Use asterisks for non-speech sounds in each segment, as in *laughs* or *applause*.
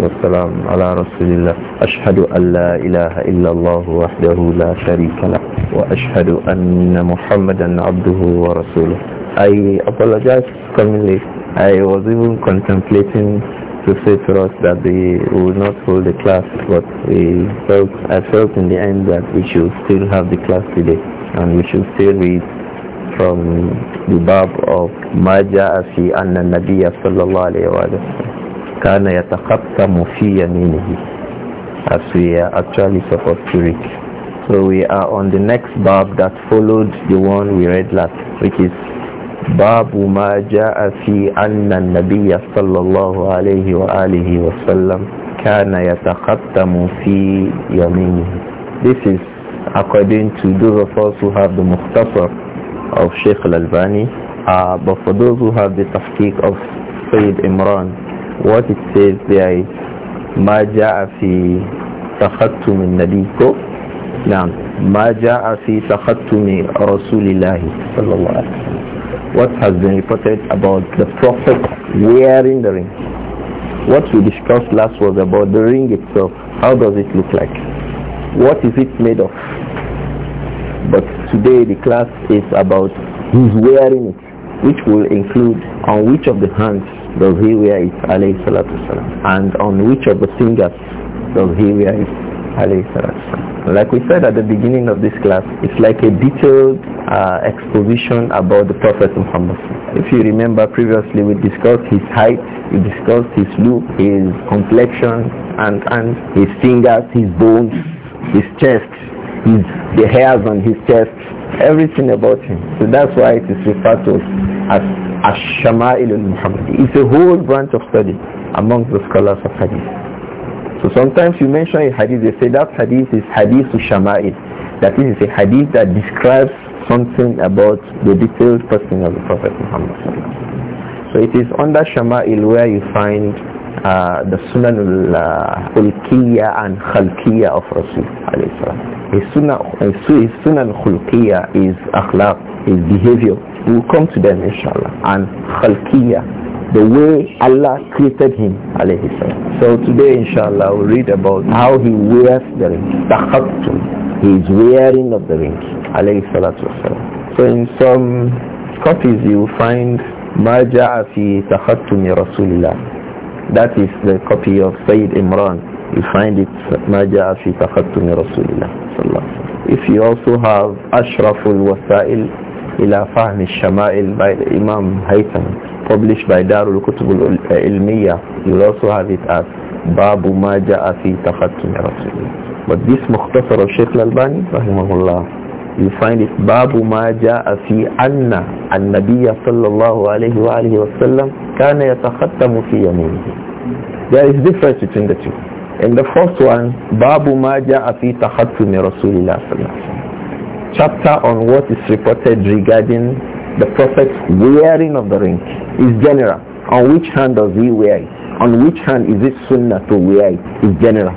والسلام على رسول الله أشهد أن لا إله إلا الله وحده لا شريك له وأشهد أن محمدا عبده ورسوله I apologize commonly I was even contemplating to say to us that we will not hold the class but we felt, I felt in the end that we should still have the class today and we should still read from the Bab of ما جاء في أن النبي صلى الله عليه وسلم kana yataqassamu fi yaminihi as we are actually supposed to read. So we are on the next bab that followed the one we read last, which is باب ما جاء في أن النبي صلى الله عليه وآله وسلم كان يتختم في يمينه. This is according to those of us who have the Mukhtasar of Sheikh Al-Albani, uh, but for those who have the Tafkik of Sayyid Imran what it says there is ما جاء في تختم النبي نعم ما جاء في تختم رسول الله صلى الله عليه وسلم what has been reported about the prophet wearing the ring what we discussed last was about the ring itself how does it look like what is it made of but today the class is about who's wearing it which will include on which of the hands does he wear it alayhi salatu wasalam and on which of the fingers does he wear it alayhi salatu wasalam like we said at the beginning of this class it's like a detailed uh, exposition about the prophet muhammad if you remember previously we discussed his height we discussed his look his complexion and and his fingers his bones his chest his the hairs on his chest everything about him so that's why it is referred to as Ash-Shama'il al-Muhammadi. It's a whole branch of study among the scholars of hadith. So sometimes you mention a hadith, they say that hadith is hadith shama'il. That is a hadith that describes something about the detailed person of the Prophet Muhammad. So it is under shama'il where you find uh, the Sunan al-Khulqiyya uh, and Khalqiyya of Rasul His Sunan, his sunan Khulqiyya is akhlaq, is behavior. We will come to them inshallah. And Khalqiyya the way Allah created him. So today, inshallah, we'll read about how he wears the ring. Takhattum. He is wearing of the ring. So in some copies you find ما جاء في تختم رسول الله that is the copy of Sayyid Imran. You find it Majah fi taqattumi Rasulillah If you also have Ashraful Wasail ila Fahmi Shama'il by Imam Haytham, published by Darul Kutub al-Ilmiya, you also have it as Babu Majaa fi taqattumi Rasulillah. But this Mukhtasar of Sheikh Al-Albani, rahimahullah, you find it babu ma ja'a fi anna annabiyya sallallahu alayhi wa alihi wasallam kana yatakhattamu fi yaminihi there is difference between the two in the first one babu ma ja'a fi takhattumi rasulillah sallallahu chapter on what is reported regarding the prophet's wearing of the ring is general on which hand does he wear it on which hand is it sunnah to wear it is general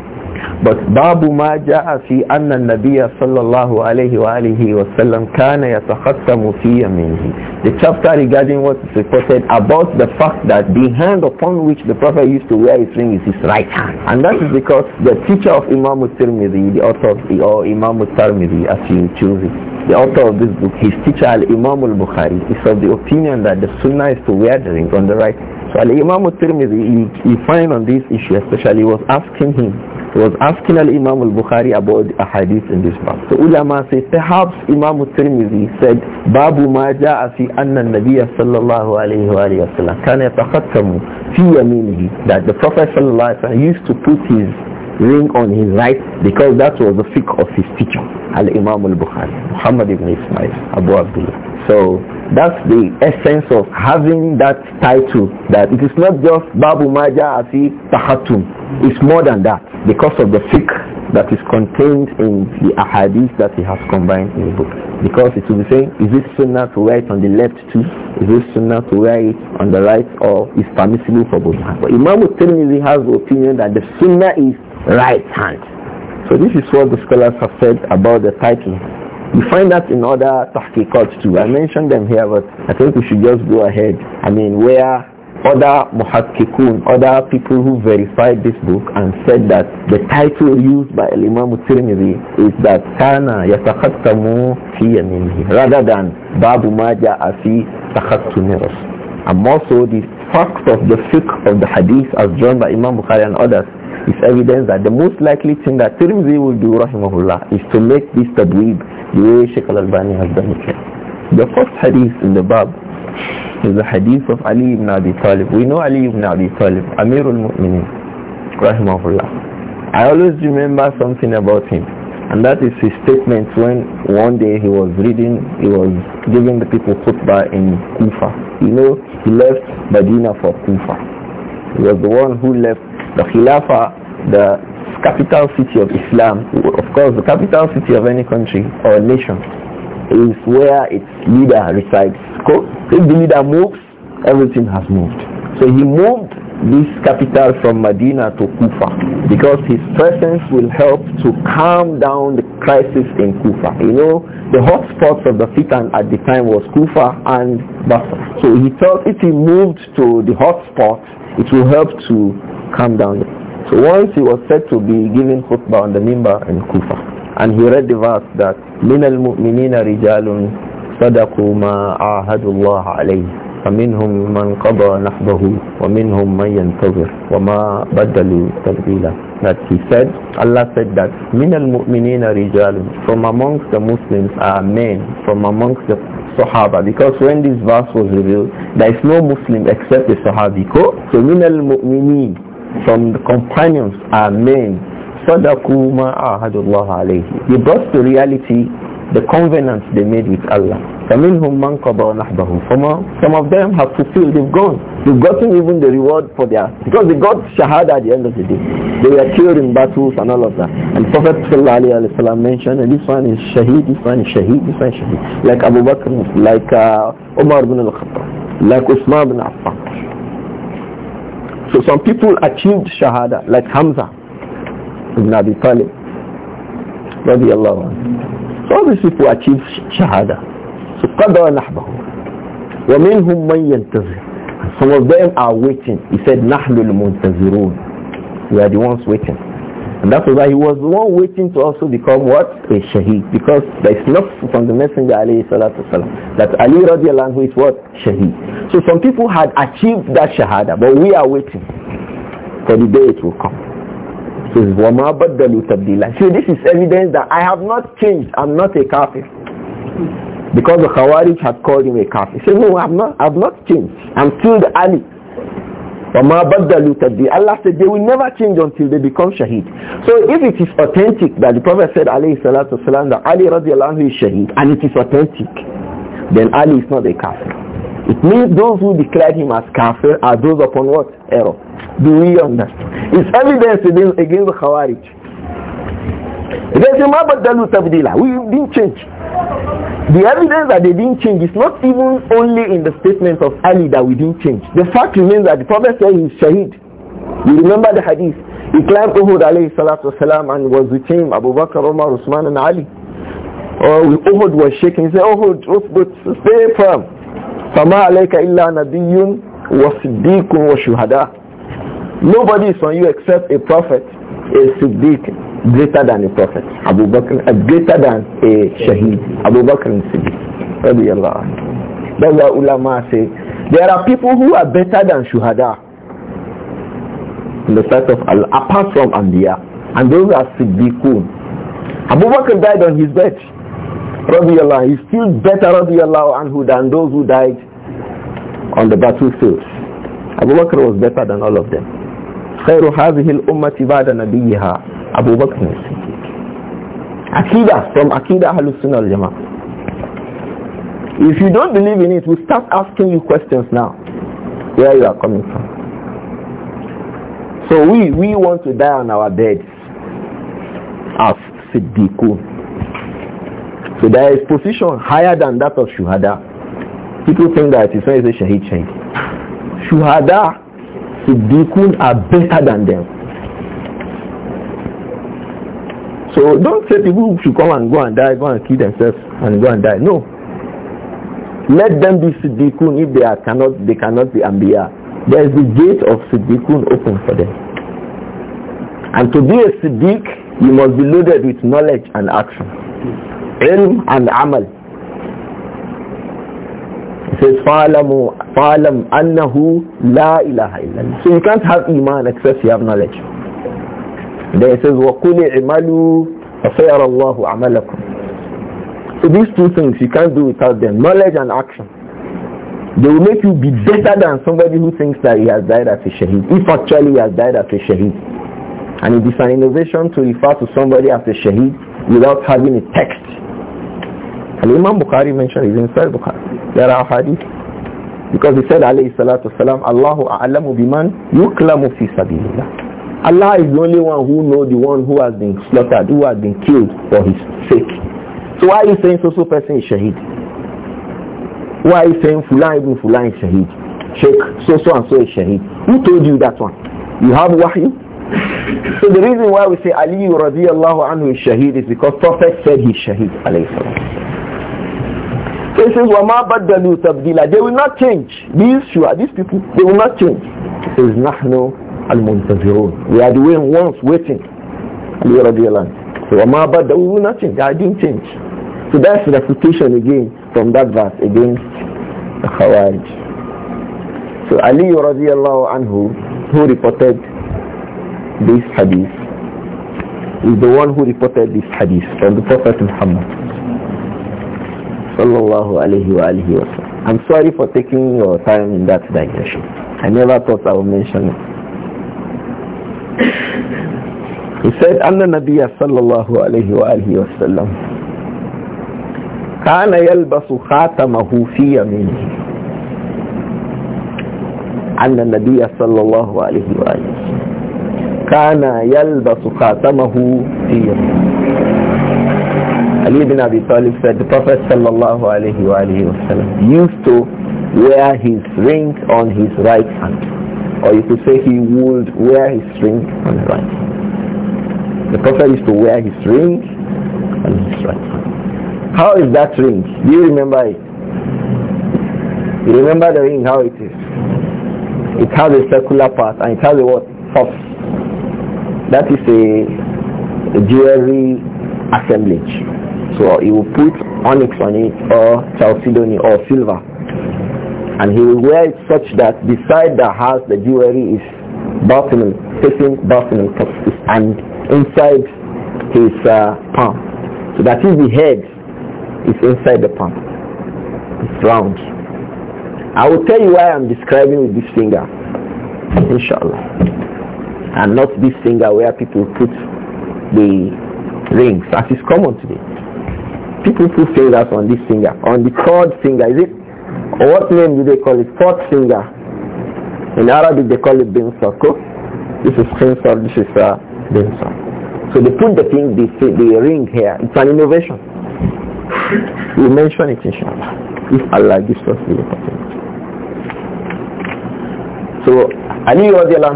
but Babu ma ja'a fi anna Nabiya sallallahu alayhi wa alihi wa sallam kana yatakhattamu fi yaminihi. The chapter regarding what is reported about the fact that the hand upon which the Prophet used to wear his ring is his right hand. And that is because the teacher of Imam al-Tirmidhi, the author of the, or Imam al-Tirmidhi as you choose it, the author of this book, his teacher Al-Imam al-Bukhari is of the opinion that the sunnah is to wear the ring on the right. So Al-Imam al-Tirmidhi, he you find on this issue especially, was asking him he was asking Al-Imam al-Bukhari about a hadith in this bab. So ulama say perhaps Imam al-Tirmidhi said, Babu ma ja'a fi anna nabiya sallallahu alaihi wasallam." alayhi wa sallam kana yatakattamu fi yaminihi that the Prophet sallallahu alaihi wasallam used to put his ring on his right because that was the fiqh of his teacher, Al-Imam al-Bukhari, Muhammad ibn Ismail, Abu Abdullah. So that's the essence of having that title that it is not just Babu Maja Asi Tahatum. It's more than that because of the fiqh that is contained in the ahadith that he has combined in the book. Because it will be saying, is this sunnah to wear it on the left too? Is this sunnah to wear it on the right or is permissible for both hands? But Imam Tirmidhi has the opinion that the sunnah is right hand. So this is what the scholars have said about the title. We find that in other tahqiqat too. I mentioned them here, but I think we should just go ahead. I mean, where other muhakkikun, other people who verified this book and said that the title used by Imam Tirmidhi is that kana yataqattamu fi yaminihi rather than babu maja ja'a fi And also the fact of the fiqh of the hadith as drawn by Imam Bukhari and others is evidence that the most likely thing that Tirmidhi will do, rahimahullah, is to make this tabweeb the way Sheikh al-Albani has done it The first hadith in the Bab is the hadith of Ali ibn Abi Talib. We know Ali ibn Abi Talib, Amirul Mu'minin, rahimahullah. I always remember something about him. And that is his statement when one day he was reading, he was giving the people khutbah in Kufa. You know, he left Medina for Kufa. He was the one who left the Khilafah, the capital city of Islam, of course the capital city of any country or nation is where its leader resides. If the leader moves, everything has moved. So he moved this capital from Medina to Kufa because his presence will help to calm down the crisis in Kufa. You know, the hotspots of the fitan at the time was Kufa and Basra. So he thought if he moved to the hotspots, it will help to calm down. So once he was said to be giving khutbah on the mimbar in Kufa, and he read the verse that من المؤمنين رجال صدقوا ما عاهدوا الله عليه فمنهم من قضى نحبه ومنهم من ينتظر وما بدلوا تبديلا that he said Allah said that من المؤمنين رجال from amongst the Muslims are men from amongst the Sahaba because when this verse was revealed there is no Muslim except the Sahabi so من المؤمنين from the companions are men. Sadaku ma'ahadullah alayhi. They brought to reality the covenant they made with Allah. Some of them have fulfilled, they've gone. They've gotten even the reward for their... Because they got shahada at the end of the day. They were killed in battles and all of that. And Prophet ﷺ mentioned, and this one is shaheed, this one is shaheed, this one is shaheed. Like Abu Bakr, like uh, Umar ibn al-Khattab, like Usman ibn Affan. So some people achieved shahada, like Hamza ibn Abi Talib. So all these people achieved shahada. So qadra nahbahu. ومنهم من ينتظر Some of them are waiting. He said, nahlul muntazirun. We are the ones waiting. And that's why he was the one waiting to also become what? A shaheed. Because there is not from the Messenger alayhi salatu that Ali radiallahu anhu is what? Shaheed. So some people had achieved that shahada, but we are waiting for the day it will come. So this is So this is evidence that I have not changed. I'm not a kafir. Because the Khawarij had called him a kafir. He said, no, I've not, I've not changed. I'm still the Ali. وَمَا بَدَّلُوا تَبْدِيلًا Allah said they will never change until they become shaheed. So if it is authentic that the Prophet said alayhi salatu wasalam that Ali radiallahu anhu is shaheed and it is authentic, then Ali is not a kafir. It means those who declared him as kafir are those upon what? Error. Do we understand? It's evidence against, against the Khawarij. They say, مَا بَدَّلُوا We didn't change. The evidence that they didn't change is not even only in the statement of Ali that we didn't change. The fact remains that the Prophet said he's is Shaheed. You remember the hadith. He climbed Uhud alayhi salatu wasalam and was with him Abu Bakr, Umar, Usman and Ali. Uh, Uhud was shaking. He said, Uhud, Uhud stay firm. فَمَا عَلَيْكَ إِلَّا نَبِيٌّ وَصِدِّيقٌ وَشُهَدَاءٌ Nobody is on you except a prophet, a siddiq, greater than a prophet. Abu Bakr, uh, greater than a shaheed. Abu Bakr Siddiq. That's what ulama say. There are people who are better than shuhada in the sight of Allah, apart from Anbiya. And those are Siddiqun. Abu Bakr died on his bed. He he's still better and anhu than those who died on the battlefield. Abu Bakr was better than all of them. خير هذه الأمة بعد نبيها Abu Bakr Akida from Akida Ahlus Sunnah Jamaah. If you don't believe in it, we start asking you questions now. Where you are coming from. So we, we want to die on our beds as Siddiqun. So there is position higher than that of Shuhada. People think that it's when you say Shahid Shahid. Shuhada, Siddiqun are better than them. So don't say people should come and go and die, go and kill themselves and go and die. No. Let them be Siddiqun if they are cannot they cannot be Ambiya. There is the gate of Siddiqun open for them. And to be a Siddiq, you must be loaded with knowledge and action. Ilm and Amal. It says, فَعَلَمْ أَنَّهُ لَا إِلَهَ إِلَّا So you can't have Iman except you have knowledge. Then it says, وَقُلِ amalu, فَسَيَرَ اللَّهُ عَمَلَكُمْ So these two things, you can't do without them, knowledge and action. They will make you be better than somebody who thinks that he has died as a shaheed, if actually he has died as a shaheed. And it is an innovation to refer to somebody as a shaheed without having a text. And Imam Bukhari mentioned it in Bukhari. There are hadith. Because he said, alayhi salatu salam, Allahu a'lamu biman yuklamu fi sabilillah. Allah is the only one who knows the one who has been slaughtered, who has been killed for his sake. So why are you saying so-so person is shaheed? Why are you saying Fulan ibn Fulan is shaheed? Sheikh so-so and so is shaheed. Who told you that one? You have wahyu? so the reason why we say Ali radiallahu anhu is shaheed is because Prophet said he's shaheed alayhi so he says, وَمَا بَدَّلُوا تَبْدِيلًا They will not change. These sure, these people, they will not change. It says, al We are the once waiting. Ali radiallahu so Amma Bada, we will nothing. I didn't change. So that's reputation again from that verse against the Khawarij. So Ali radiallahu anhu, who reported this hadith, is the one who reported this hadith from the Prophet Muhammad. Sallallahu alayhi wa alayhi wa I'm sorry for taking your time in that digression. I never thought I would mention it. He said, أن النبي صلى الله عليه وآله وسلم كان يلبس خاتمه في يمينه أن النبي صلى الله عليه وآله كان يلبس خاتمه في يمينه Ali ibn Abi Talib said the Prophet صلى الله عليه وآله وسلم used to wear his ring on his right hand or you could say he would wear his ring on the right hand The Prophet used to wear his ring on his right How is that ring? Do you remember it? You remember the ring, how it is? It has a circular part and it has a what? Puff. That is a, a jewelry assemblage. So he will put onyx on it or chalcedony or silver. And he will wear it such that beside the house the jewelry is bottom facing bottom and inside his uh, palm. So that is the head is inside the palm. It's round. I will tell you why I'm describing with this finger. Inshallah. And not this finger where people put the rings, as is common today. People put fingers on this finger, on the third finger, is it? Or what name do they call it? Fourth finger. In Arabic they call it bin This is bin this is uh, themselves. So they put the thing, the, the ring here. It's an innovation. We mention it inshallah. If Allah gives us the opportunity. So Ali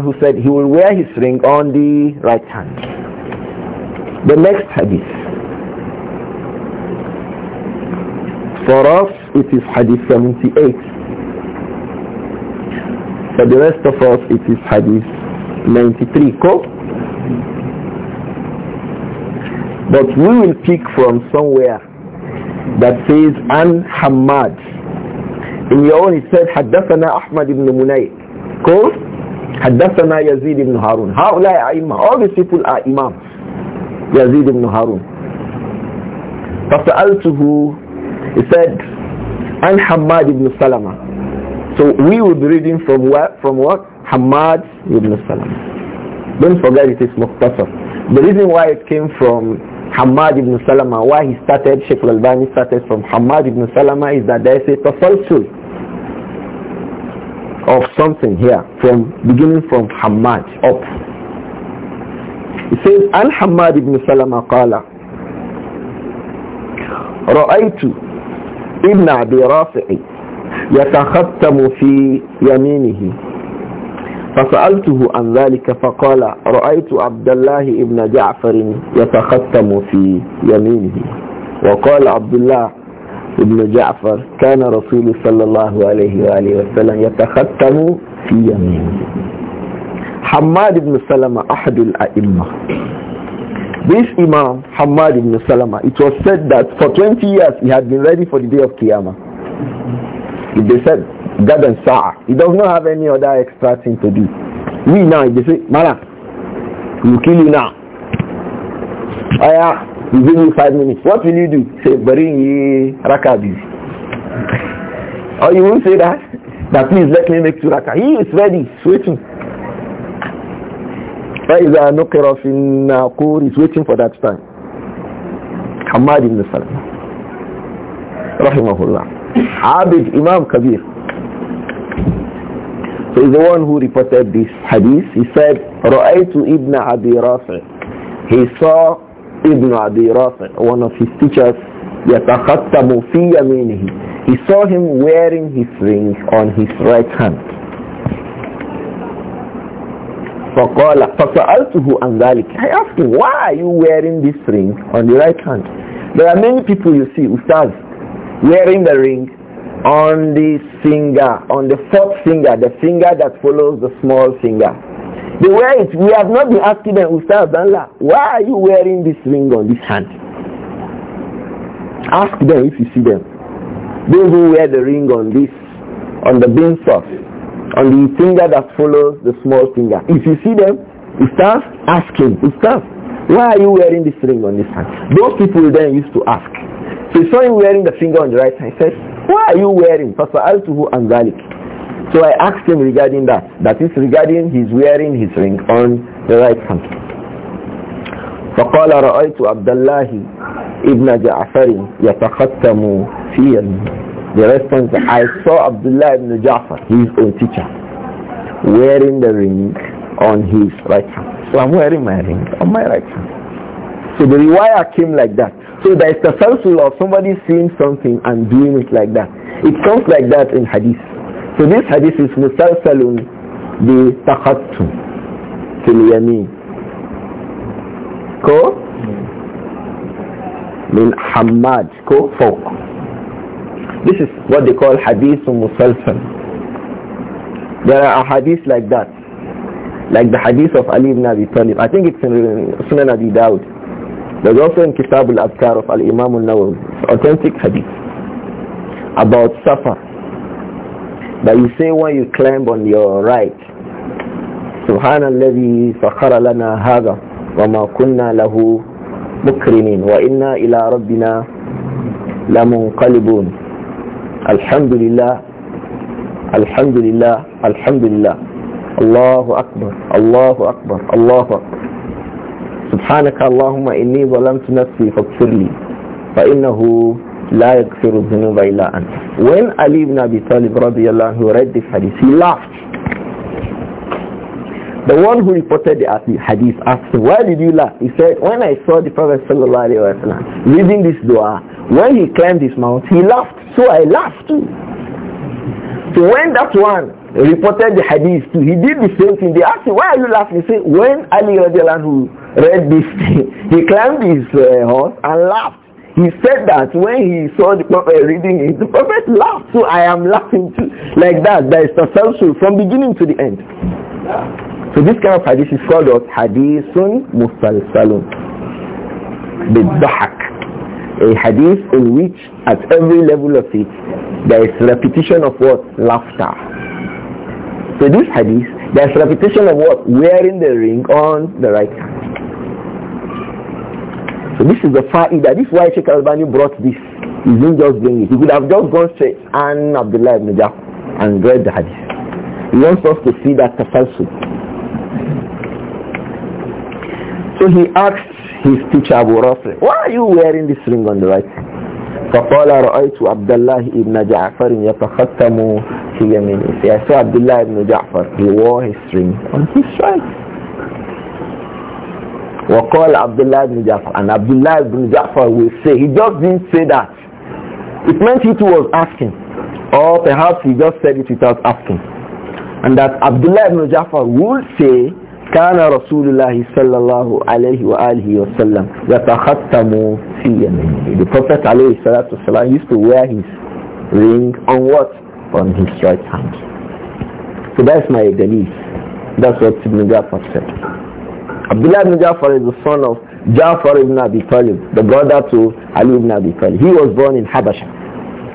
who said he will wear his ring on the right hand. The next hadith. For us, it is hadith 78. For the rest of us, it is hadith 93. Cool? But we will pick from somewhere that says An Hamad. In your own it says حدثنا Ahmad بن منيع. Cool? حدثنا Yazid بن Harun. هؤلاء أئمة. All these people are imams. Harun. After Al فسألته he said An Hamad ibn Salama. So we will be reading from what? From what? Hamad ibn Salama. Don't forget it is Muqtasar. The reason why it came from Hamad ibn Salama, why he started, Sheikh al-Albani started from Hamad ibn Salama is that there is a tafalsul of something here from beginning from Hamad up. He says, Al Hamad ibn Salama qala رأيت ابن أبي رافع يتختم في يمينه فسألته عن ذلك فقال رأيت عبد الله ابن جعفر يتختم في يمينه وقال عبد الله ابن جعفر كان رسول صلى الله عليه وآله وسلم يتختم في يمينه حماد بن سلمة أحد الأئمة This Imam, Hamad ibn Salama, it was said that for 20 years he had been ready for the day of Qiyamah. They said, garden sa'a. He does not have any other extra thing to do. We now, they say, Mala, we will kill you now. Oh, Aya, we give you five minutes. What will you do? Say, bring ye raka *laughs* Oh, you won't say that? That please let me make two raka. He is ready, he's no فإذا نقر في الناقور is waiting for that time. حماد بن Salam. رحمه الله عابد Imam كبير so he's the one who reported this hadith. He said, رَأَيْتُ Ibn Adi Rafi. He saw Ibn Abi Rafi, one of his teachers, يَتَخَتَّمُ فِي يَمِينِهِ He saw him wearing his ring on his right hand. فَقَالَ فَسَأَلْتُهُ عَنْ ذَلِكَ I asked him, why are you wearing this ring on the right hand? There are many people you see, ustaz, wearing the ring on the finger, on the fourth finger, the finger that follows the small finger. They wear it. We have not been asking them, Ustaz Danla, why are you wearing this ring on this hand? Ask them if you see them. Those who wear the ring on this, on the big sauce, on the finger that follows the small finger. If you see them, Ustaz, ask him, Ustaz, why are you wearing this ring on this hand? Those people then used to ask. So he saw him wearing the finger on the right hand. He said, why are you wearing? Fasa'altuhu an zalik. So I asked him regarding that. That is regarding his wearing his ring on the right hand. فقال رأيت عبد الله ابن جعفر يتختم في The response, I saw Abdullah ibn Ja'far, his own teacher, wearing the ring on his right hand. So I'm wearing my ring on my right hand. So the rewire came like that. So there is the falsul of somebody seeing something and doing it like that. It comes like that in hadith. So this hadith is musalsalun bi taqattum fil yamin. Ko? Min hamad. Ko? Fawq. This is what they call hadith musalsal. There are hadiths like that. Like the hadith of Ali ibn Abi Talib. I think it's in Sunan Abi Dawud. There's also in Kitab al-Abkar of Al-Imam al-Nawawi, authentic hadith about Safar. That you say when you climb on your right, سبحان الذي سخر لنا هذا وما كنا له مكرمين وإنا إلى ربنا لمنقلبون الحمد لله الحمد لله الحمد لله الله أكبر الله أكبر الله أكبر سبحانك اللهم إني ظلمت نفسي فاغفر لي فإنه لا يغفر الذنوب إلا أنت When Ali ibn Abi Talib رضي الله عنه read this hadith, he laughed. The one who reported the hadith asked him, why did you laugh? He said, when I saw the Prophet الله عليه وسلم reading this dua, when he climbed his mount, he laughed. So I laughed too. So when that one reported the hadith too, he did the same thing. They asked him, why are you laughing? He said, when Ali radiallahu read this thing, *laughs* he climbed his uh, horse and laughed. He said that when he saw the prophet reading it, the prophet laughed, so I am laughing too. Like that, there is tafsir from beginning to the end. So this kind of hadith is called what? Hadithun the Bidahak. A hadith in which at every level of it, there is repetition of what? Laughter. So this hadith, there is repetition of what? Wearing the ring on the right hand. So this is the fa'idah. This is why Sheikh Albani brought this. He didn't just bring it. He could have just gone straight and Abdullah ibn Jaf and read the hadith. He wants us to see that tafasud. So he asked his teacher Abu Rafi, why are you wearing this ring on the right? فقال رأيت عبد الله ابن جعفر يتختم في يمينه. So I saw Abdullah ibn Ja'far. He wore his ring on his right. وقال call Abdullah ibn Jafar and Abdullah ibn Jafar will say he just didn't say that it meant he too was asking or perhaps he just said it without asking and that Abdullah ibn Jafar would say كان رسول الله صلى الله عليه وآله وسلم يتختم في يمينه the prophet عليه الصلاة والسلام used to wear his ring on what? on his right hand so that's my belief that's what Ibn Jafar said Abdullah ibn Jafar is the son of Jafar ibn Abi Talib, the brother to Ali ibn Abi Talib. He was born in Habasha,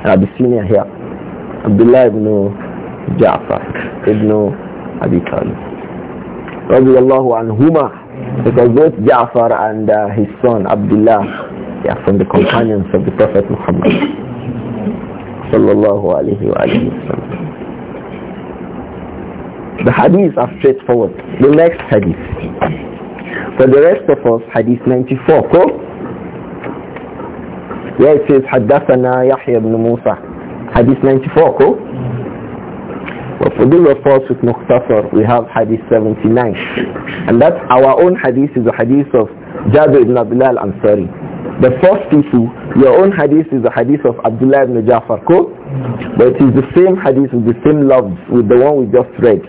Abyssinia here. Abdullah ibn Jafar ibn Abi Talib. Radiallahu anhuma. Because both Jafar and uh, his son Abdullah, yeah, are from the companions of the Prophet Muhammad. Sallallahu alayhi wa alayhi wa the hadiths are straightforward. The next hadith. For the rest of us, Hadith 94, cool? Yeah, it says, حدثنا يحيى بن موسى. Hadith 94, cool? But for those of us with Muqtasar, we have Hadith 79. And that's our own Hadith is the Hadith of Jabir ibn Abdullah al-Ansari. The first issue, your own hadith is the hadith of Abdullah ibn Jafar, cool? But it is the same hadith with the same love with the one we just read.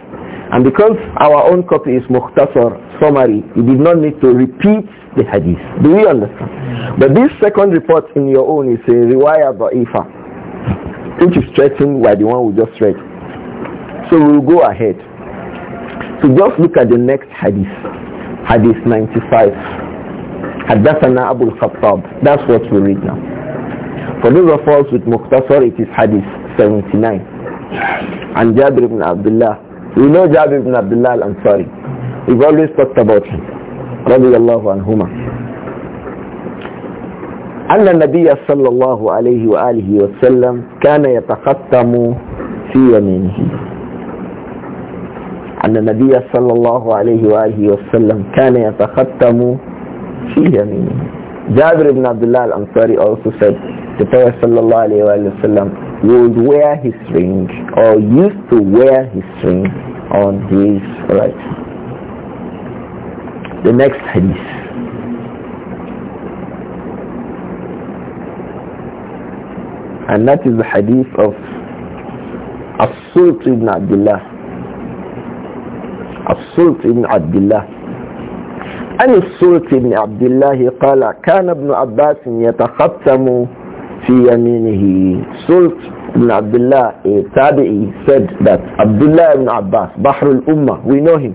And because our own copy is mukhtasar, summary, you did not need to repeat the hadith. Do we understand? But this second report in your own is a riwayah ba'ifa, which is stretching where the one we just read. So we'll go ahead. So just look at the next hadith, hadith 95. حدثنا أبو الخطاب That's what we read now. For those of us with Muqtasar, it is hadith 79. And جابر بن عبد we know Jabir ibn Abdullah al-Ansari. We've always talked about him. رضي الله عنهما أن النبي صلى الله عليه وآله وسلم كان يتختم في يمينه أن النبي صلى الله عليه وآله وسلم كان يتختم في يمينه جابر بن عبد الله الأنصاري also said the Prophet صلى الله عليه وآله وسلم would wear his ring or used to wear his ring on his right. The next hadith. And that is the hadith of As-Sult ibn Abdullah. As-Sult ibn Abdullah. عن السلط بن عبد الله قال كان ابن عباس يتختم في يمينه سلط بن عبد الله said that Abdullah ibn Abbas Bahrul Ummah we know him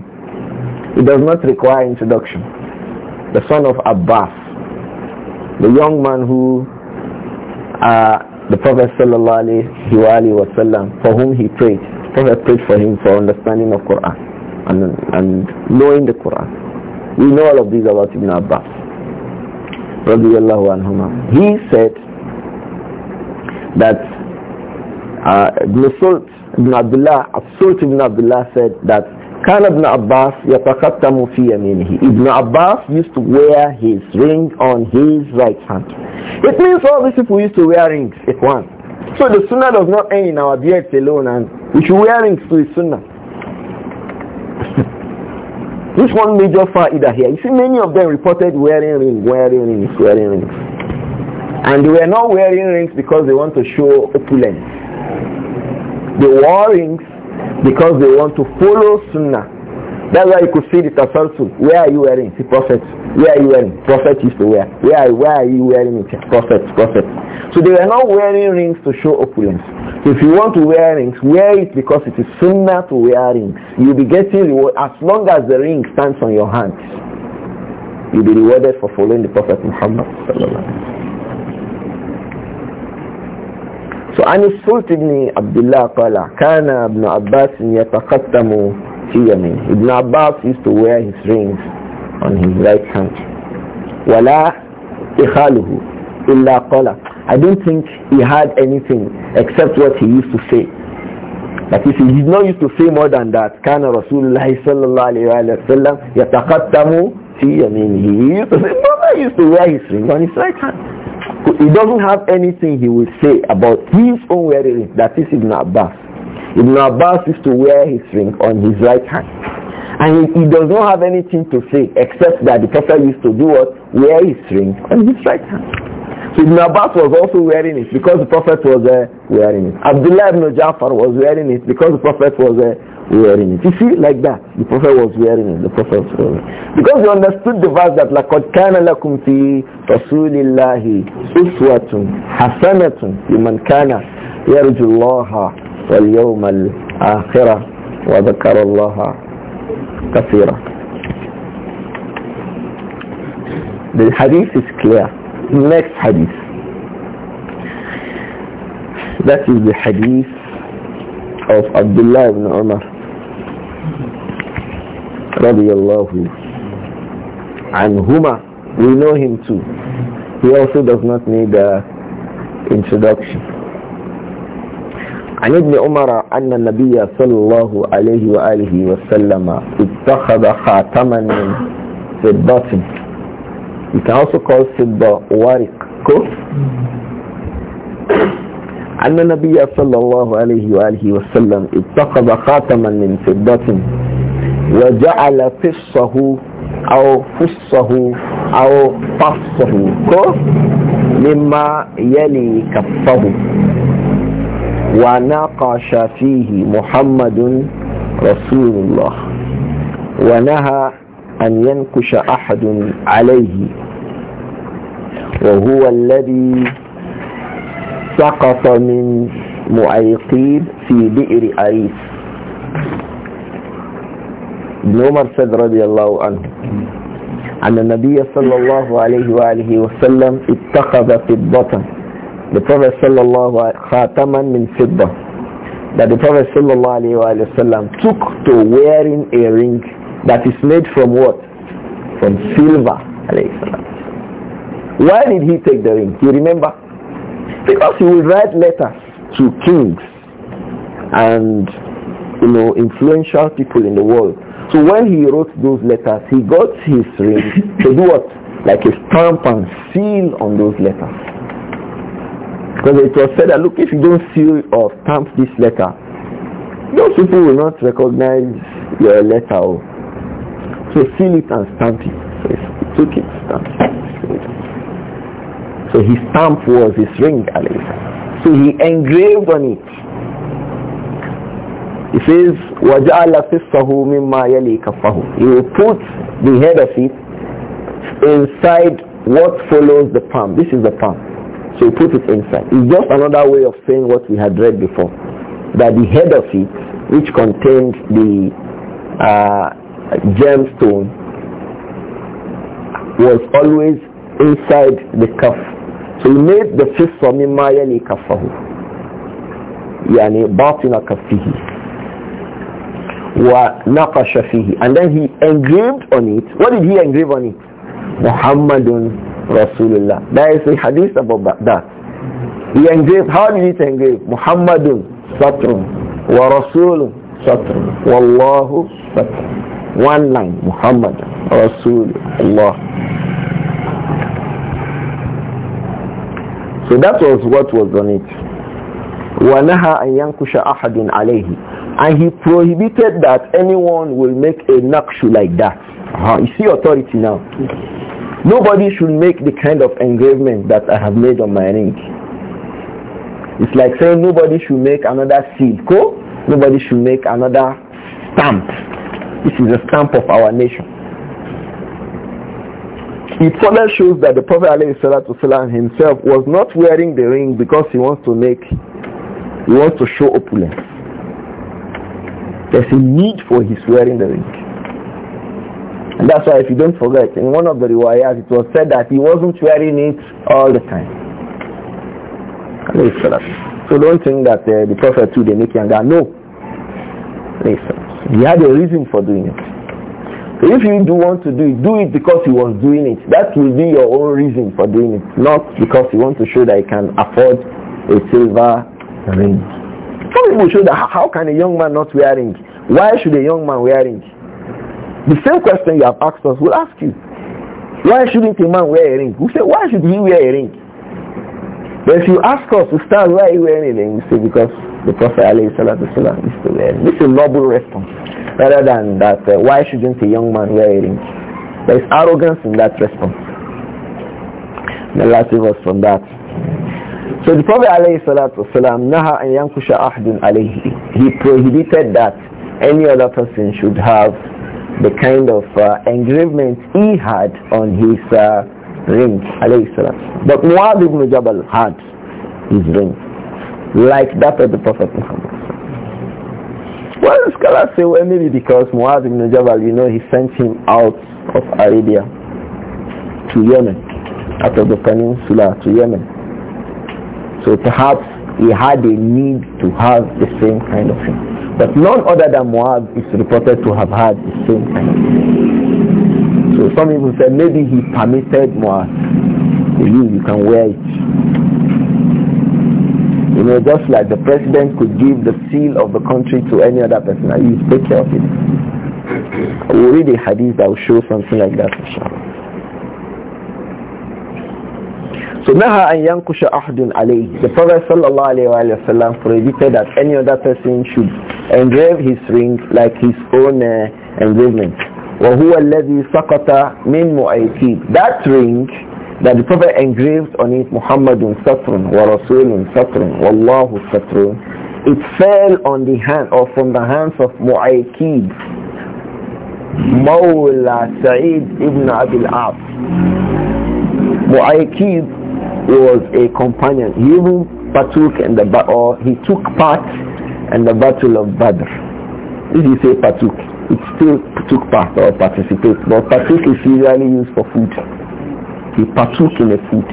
it does not require introduction the son of Abbas the young man who uh, the Prophet sallallahu alaihi wasallam for whom he prayed the Prophet prayed for him for understanding of Quran and, and knowing the Quran we know all of these about Ibn Abbas اللَّهُ anhuma he said that uh, Sult ibn Abdullah, Sult ibn Abdullah said that Khan ibn used to wear his ring on his right hand. It means all these people used to wear rings, at one. So the sunnah does not end in our beards alone and we should wear rings to the sunnah. *laughs* this one major fa'idah here. You see many of them reported wearing ring, wearing ring, wearing ring. And they were not wearing rings because they want to show opulence. They wore rings because they want to follow Sunnah. That's why you could see the tasalsul. Where are you wearing? The prophet. Where are you wearing? Prophet used to wear. Where are, where are you wearing it? Prophet, prophet. So they were not wearing rings to show opulence. if you want to wear rings, wear it because it is sunnah to wear rings. You'll be getting reward as long as the ring stands on your hand. You'll be rewarded for following the Prophet Muhammad. فعن الصوت بن عبد الله قال كان ابن عباس يتقدم في يمينه ابن عباس used to wear his rings on his right hand ولا إخاله إلا قال I don't think he had anything except what he used to say But he did not used to say more than that. كان رسول الله صلى الله عليه وسلم يتقدم في يمينه. He used to say, Brother used to wear his ring on his right hand. He doesn't have anything he will say about his own wearing it. That is Ibn Abbas. Ibn Abbas used to wear his ring on his right hand. And he, he does not have anything to say except that the Prophet used to do what? Wear his ring on his right hand. So Ibn Abbas was also wearing it because the Prophet was uh, wearing it. Abdullah ibn Ja'far was wearing it because the Prophet was uh, wearing it. You see, like that. The Prophet was wearing it. The Prophet was wearing it. Because he understood the verse that لَقَدْ كَانَ لَكُمْ فِي رَسُولِ اللَّهِ أُسْوَةٌ حَسَنَةٌ لِمَنْ كَانَ يَرْجُ اللَّهَ وَالْيَوْمَ الْآخِرَةِ وَذَكَرَ اللَّهَ كَثِيرًا The hadith is clear. Next hadith. That is the hadith of Abdullah ibn Umar radiyallahu anhuma. We know him too. He also does not need uh, introduction. عن ابن عمر أن النبي صلى الله عليه وآله وسلم اتخذ خاتما من فضة You can also call Sidda Warik. Cool? أن النبي صلى الله عليه وآله وسلم اتخذ خاتما من فضة وجعل فصه أو فصه أو فصه مما يلي كفه وناقش فيه محمد رسول الله ونهى أن ينكش أحد عليه وهو الذي سقط من مؤيقيب في بئر أيس ابن عمر سد رضي الله عنه أن النبي صلى الله عليه وآله وسلم اتخذ فضة The صلى الله خاتما من فضة That the Prophet صلى الله عليه وآله وسلم took to wearing a ring that is made from what? From silver. Why did he take the ring? You remember? Because he will write letters to kings and you know influential people in the world. So when he wrote those letters, he got his ring to do what? Like a stamp and seal on those letters. Because it was said that look, if you don't seal or stamp this letter, those people will not recognize your letter. Oh. So seal it and stamp it. So he took it, stamped it. So his stamp was his ring, alayhi So he engraved on it. He says, وَجَعَلَ فِصَّهُ مِمَّا يَلِي كَفَّهُ He will put the head of it inside what follows the palm. This is the palm. So he put it inside. It's just another way of saying what we had read before. That the head of it, which contained the uh, gemstone was always inside the cuff. So he made the fist from mimma yali Yani batina Wa fihi. And then he engraved on it. What did he engrave on it? Muhammadun Rasulullah. That is a hadith about that. He engraved, how did he engrave? Muhammadun Satrun. Wa Rasulun Satrun. Wallahu Satrun one line Muhammad Rasulullah so that was what was on it وَنَهَا أَنْ يَنْكُشَ أَحَدٌ عَلَيْهِ and he prohibited that anyone will make a naqshu like that uh, you see authority now nobody should make the kind of engravement that I have made on my ring it's like saying nobody should make another seal nobody should make another stamp this is a stamp of our nation. It further shows that the Prophet himself was not wearing the ring because he wants to make, he wants to show opulence. There's a need for his wearing the ring. And that's why if you don't forget, in one of the riwayat it was said that he wasn't wearing it all the time. So don't think that uh, the Prophet too, they make younger. No. He had a reason for doing it. So if you do want to do it, do it because he was doing it. That will be your own reason for doing it, not because you want to show that you can afford a silver ring. Some people show that how can a young man not wear ring? Why should a young man wear ring? The same question you have asked us will ask you. Why shouldn't a man wear a ring? We say, why should he wear a ring? But if you ask us to start why are you wearing a ring, we say, because the Prophet والسلام, used to wear. This is a noble response rather than that uh, why shouldn't a young man wear it? There is arrogance in that response. May Allah save us from that. So the Prophet ﷺ, Naha and Yankusha ahdin alayhi. He prohibited that any other person should have the kind of uh, engravement he had on his uh, ring. But Muad ibn Jabal had his ring like that of the Prophet Muhammad. Well, scholars say, well, maybe because Muaz ibn Jabal, you know, he sent him out of Arabia to Yemen, out of the peninsula to Yemen. So perhaps he had a need to have the same kind of thing. But none other than Muaz is reported to have had the same kind of thing. So some people say maybe he permitted Muaz. You, you can wear it. You know, just like the president could give the seal of the country to any other person and you take care of it. We'll read a hadith that will show something like that, So naha an yankusha ahdun alayhi. The Prophet sallallahu alayhi wa sallam prohibited that any other person should engrave his ring like his own uh, engravement. وَهُوَ الَّذِي سَقَطَ مِنْ مُؤَيْتِيبِ That ring that the Prophet engraved on it Muhammadun Satrun wa Rasulun Satrun Wallahu Satrun it fell on the hand or from the hands of Mu'aykid Mawla Sa'id ibn Abil As Mu'aykid was a companion he even partook in the or he took part in the battle of Badr if you say partook it still took part or participate but partook is usually used for food he partook in a food.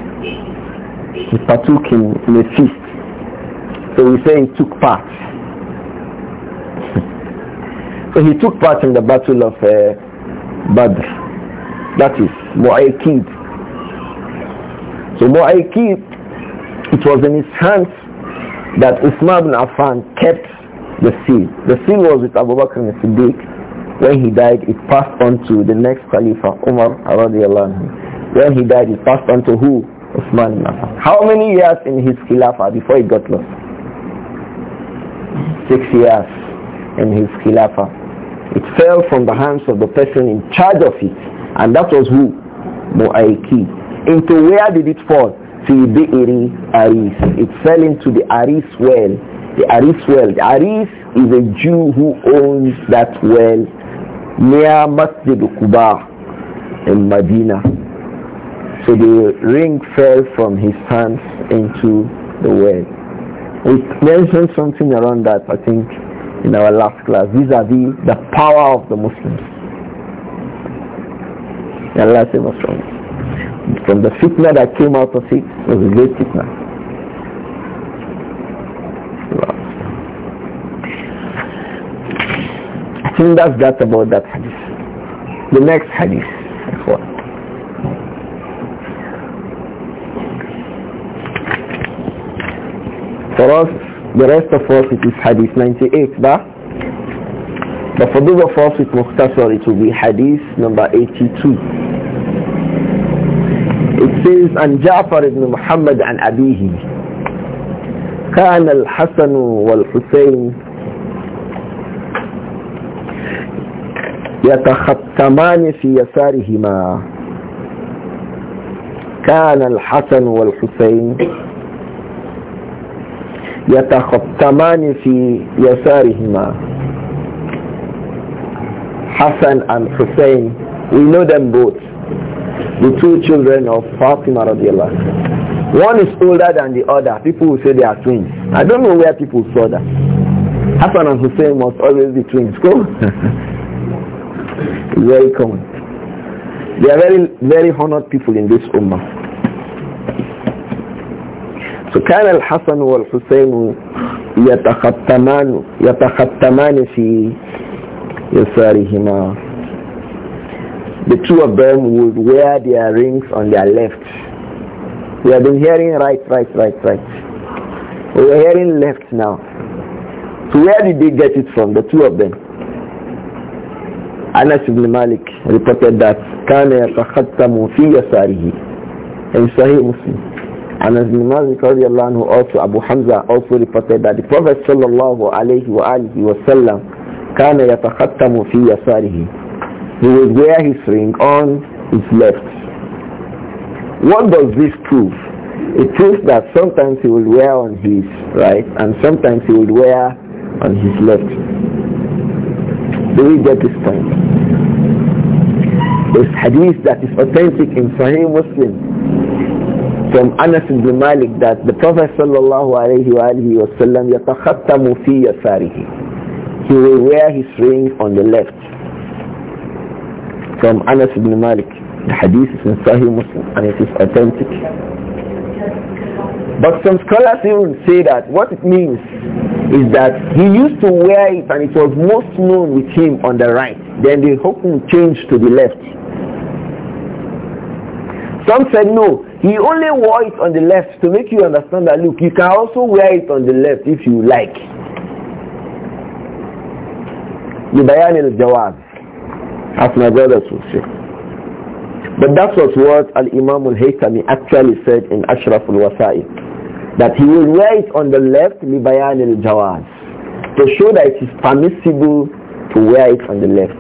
He partook in, in a feast. So we say he took part. *laughs* so he took part in the battle of uh, Badr. That is Mu'aykid. So Mu'aykid, it was in his hands that Uthman ibn Affan kept the seal. The seal was with Abu Bakr and Siddiq. When he died, it passed on to the next Khalifa, Umar radiallahu anhu. When he died, it passed on to who? Usman ibn Affan. How many years in his Khilafah before he got lost? Six years in his Khilafah. It fell from the hands of the person in charge of it. And that was who? Mu'aiki. Into where did it fall? fi aris. It fell into the aris well. The aris well. The aris is a Jew who owns that well near Masjid Quba in Medina. So the ring fell from his hands into the well. We mentioned something around that, I think, in our last class. These are the, the power of the Muslims. Allah save us from From the fitna that came out of it was a great fitna. I think that's that about that hadith. The next hadith. For us, the rest of us, it is Hadith 98, But for those of us with Muqtasar, it will be Hadith number 82. It says, عن جعفر بن محمد عن أبيه كان الحسن والحسين يتختمان في يسارهما كان الحسن والحسين يتخطمان في يسارهما Hassan and Hussein we know them both the two children of Fatima radiallahu one is older than the other people will say they are twins I don't know where people saw that Hassan and Hussein must always be twins go *laughs* very common they are very very honored people in this ummah فكان الحسن والحسين يتختمان يتختمان في يسارهما the two of them would wear their rings on their left we have been hearing right right right right we are hearing left now so where did they get it from the two of them Anas ibn Malik reported that كان يتختم في يساره in Sahih Muslim And as Malik radiallahu anhu also, Abu Hamza also reported that the Prophet sallallahu alayhi wa alihi wa sallam كان يتختم في يساره He would wear his ring on his left. What does this prove? It proves that sometimes he would wear on his right and sometimes he would wear on his left. Do we get this point? This hadith that is authentic in Sahih Muslim from Anas ibn Malik that the Prophet sallallahu alayhi wa alihi wa sallam yatakhattamu fi yasarihi. He will wear his ring on the left. From Anas ibn Malik. The hadith is in Sahih Muslim and it is authentic. But some scholars even say that what it means is that he used to wear it and it was most known with him on the right. Then the hukum changed to the left. Some said no, he only wore it on the left to make you understand that look, you can also wear it on the left if you like. The bayan al-jawaz, as my brothers will say. But that was what Al-Imam al-Haytami actually said in Ashraf al-Wasa'i. That he will wear it on the left, libayan al-jawaz, to show that it is permissible to wear it on the left.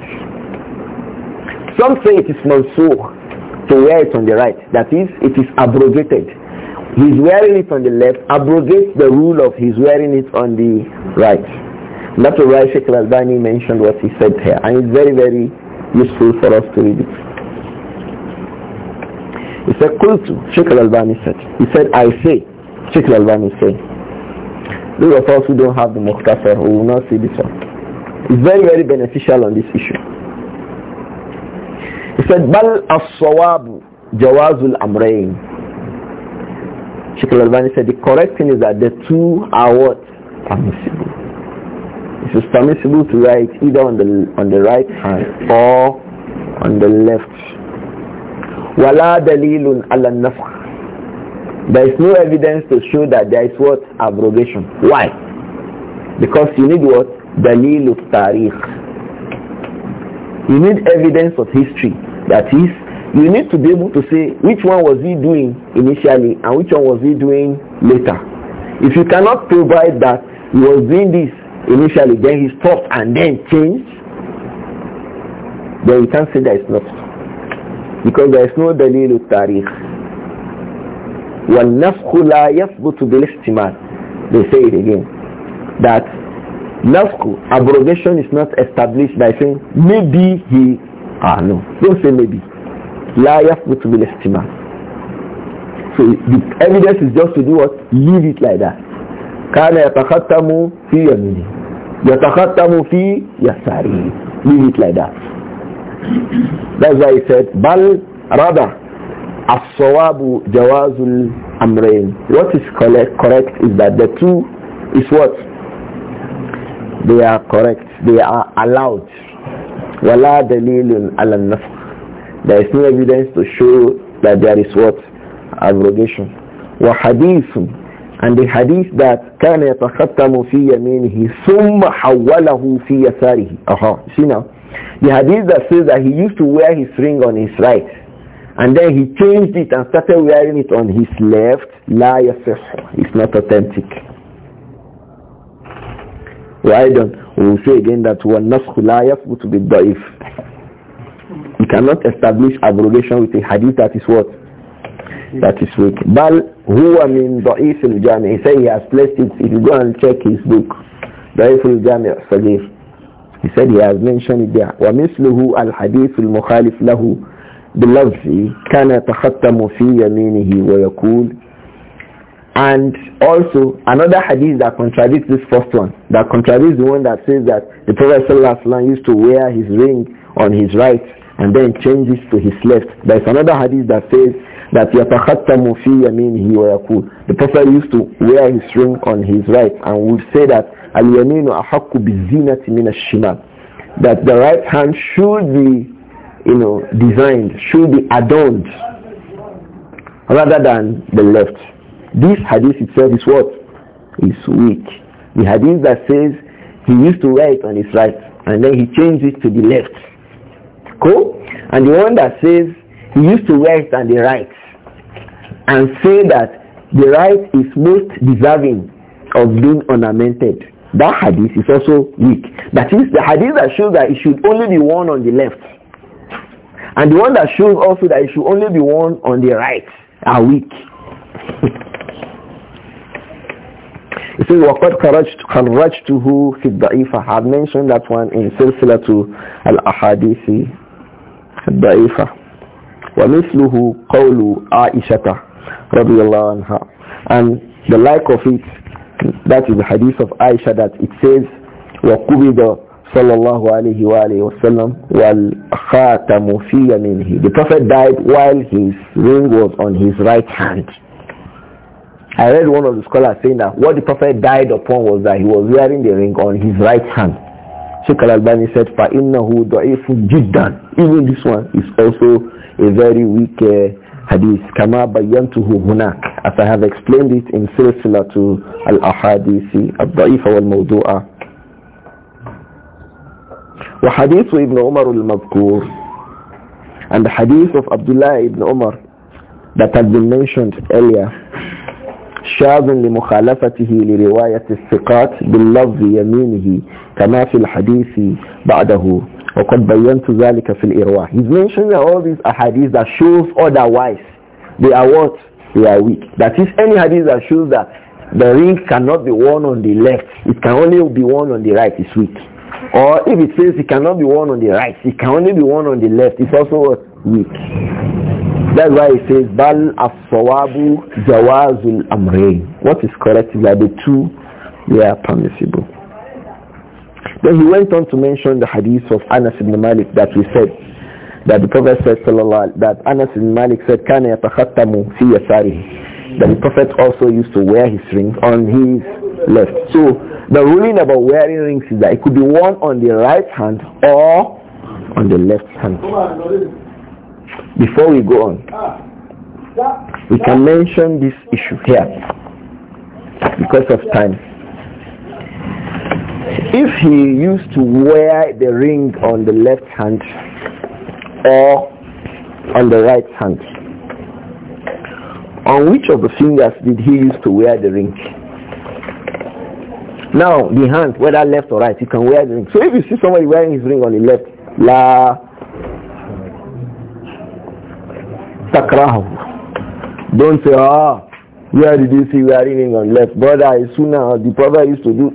Some say it is mansukh, to wear it on the right. That is, it is abrogated. His wearing it on the left abrogates the rule of his wearing it on the right. And that's why Sheikh Al-Albani mentioned what he said here. And it's very, very useful for us to read it. He said, Kultu, Sheikh Al-Albani said. He said, I say, Sheikh Al-Albani said. Those of us who don't have the Mukhtasar, who will not see this one. It's very, very beneficial on this issue said, Bal as jawazul amrayn. Sheikh al-Albani said, the correct thing is that the two are what? Permissible. It is permissible to write either on the, on the right hand or on the left. Wala dalilun ala nafkh. There is no evidence to show that there is what? Abrogation. Why? Because you need what? Dalil al tariq. You need evidence of history that is, you need to be able to say which one was he doing initially and which one was he doing later. If you cannot provide that he was doing this initially, then he stopped and then changed, then you can't say that it's not. Because there is no dalil tariq. والنفخ لا يثبت بالاحتمال. They say it again. That nafku, abrogation is not established by saying maybe he Ah, no. Don't say maybe. put to be ihtimal. So the evidence is just to do what? Leave it like that. كان يتختم في يمينه يتختم في يساره leave it like that that's why he said بل rather الصواب جواز الأمرين what is correct, correct is that the two is what they are correct they are allowed وَلَا دَلِيلٌ عَلَى النَّفْخِ There is no evidence to show that there is what? Abrogation. وَحَدِيثٌ And the hadith that كَانَ يَتَخَتَّمُ فِي يَمِينِهِ ثُمَّ حَوَّلَهُ فِي يَسَارِهِ Aha, see now. The hadith that says that he used to wear his ring on his right and then he changed it and started wearing it on his left. لا يصح. It's not authentic. Why don't? We will say again that one not la to bid da'if. You cannot establish abrogation with a hadith that is what? That is weak. Bal huwa min da'if al-jami. He said he has placed it. If you go and check his book, da'if al-jami sagif He said he has mentioned it there. ومثله الحديث المخالف له بلفظ كان تختم في يمينه ويقول and also another hadith that contradicts this first one, that contradicts the one that says that the Prophet ﷺ used to wear his ring on his right and then changes to his left. There is another hadith that says that يَتَخَتَّمُ فِي يَمِينِهِ وَيَقُولُ The Prophet used to wear his ring on his right and would say that الْيَمِينُ أَحَقُّ بِالزِّينَةِ مِنَ الشِّمَالِ That the right hand should be, you know, designed, should be adorned rather than the left. This hadith itself is what? Is weak. The hadith that says he used to wear it on his right and then he changed it to the left. Cool? And the one that says he used to wear it on the right and say that the right is most deserving of being ornamented. That hadith is also weak. That is the hadith that shows that it should only be worn on the left. And the one that shows also that it should only be worn on the right are weak. It says, وَقَدْ خَرَجْتُهُ فِي الضَّعِيفَ I have mentioned that one in سِلْسِلَةُ الْأَحَادِيثِ الضَّعِيفَ وَمِثْلُهُ قَوْلُ عَائِشَةَ رَضِيَ اللَّهُ عَنْهَا And the like of it, that is the hadith of Aisha that it says, وَقُبِضَ صلى الله عليه وآله وسلم والخاتم في يمينه The Prophet died while his ring was on his right hand. I read one of the scholars saying that what the Prophet died upon was that he was wearing the ring on his right hand. Sheikh Al-Albani said, فَإِنَّهُ ضَعِيفٌ جِدًّا Even this one is also a very weak uh, hadith. كَمَا بَيَّنْتُهُ هُنَاك As I have explained it in Silsila to Al-Ahadisi الضَعِيفَ وَالْمَوْضُوعَ وحديث ابن عمر المذكور and the hadith of Abdullah ibn Umar that had been mentioned earlier شاذ لمخالفته لرواية الثقات باللفظ يمينه كما في الحديث بعده وقد بينت ذلك في الإرواح He's mentioning all these ahadith that shows otherwise they are what? They are weak. That is any hadith that shows that the ring cannot be worn on the left. It can only be worn on the right. It's weak. Or if it says it cannot be worn on the right, it can only be worn on the left. It's also Weak. That's why it says, Bal as jawazul amrayn. What is correct is that the two, they are permissible. Then he went on to mention the hadith of Anas ibn Malik that we said, that the Prophet said, that Anas ibn Malik said, Kana يتختم Fi يساره. That the Prophet also used to wear his ring on his left. So the ruling about wearing rings is that it could be worn on the right hand or on the left hand. Before we go on, we can mention this issue here because of time. If he used to wear the ring on the left hand or on the right hand, on which of the fingers did he use to wear the ring? Now, the hand, whether left or right, he can wear the ring. So if you see somebody wearing his ring on the left, la takrahu. Don't say, ah, where did you see we are reading on left? Brother, soon sunnah. The brother used to do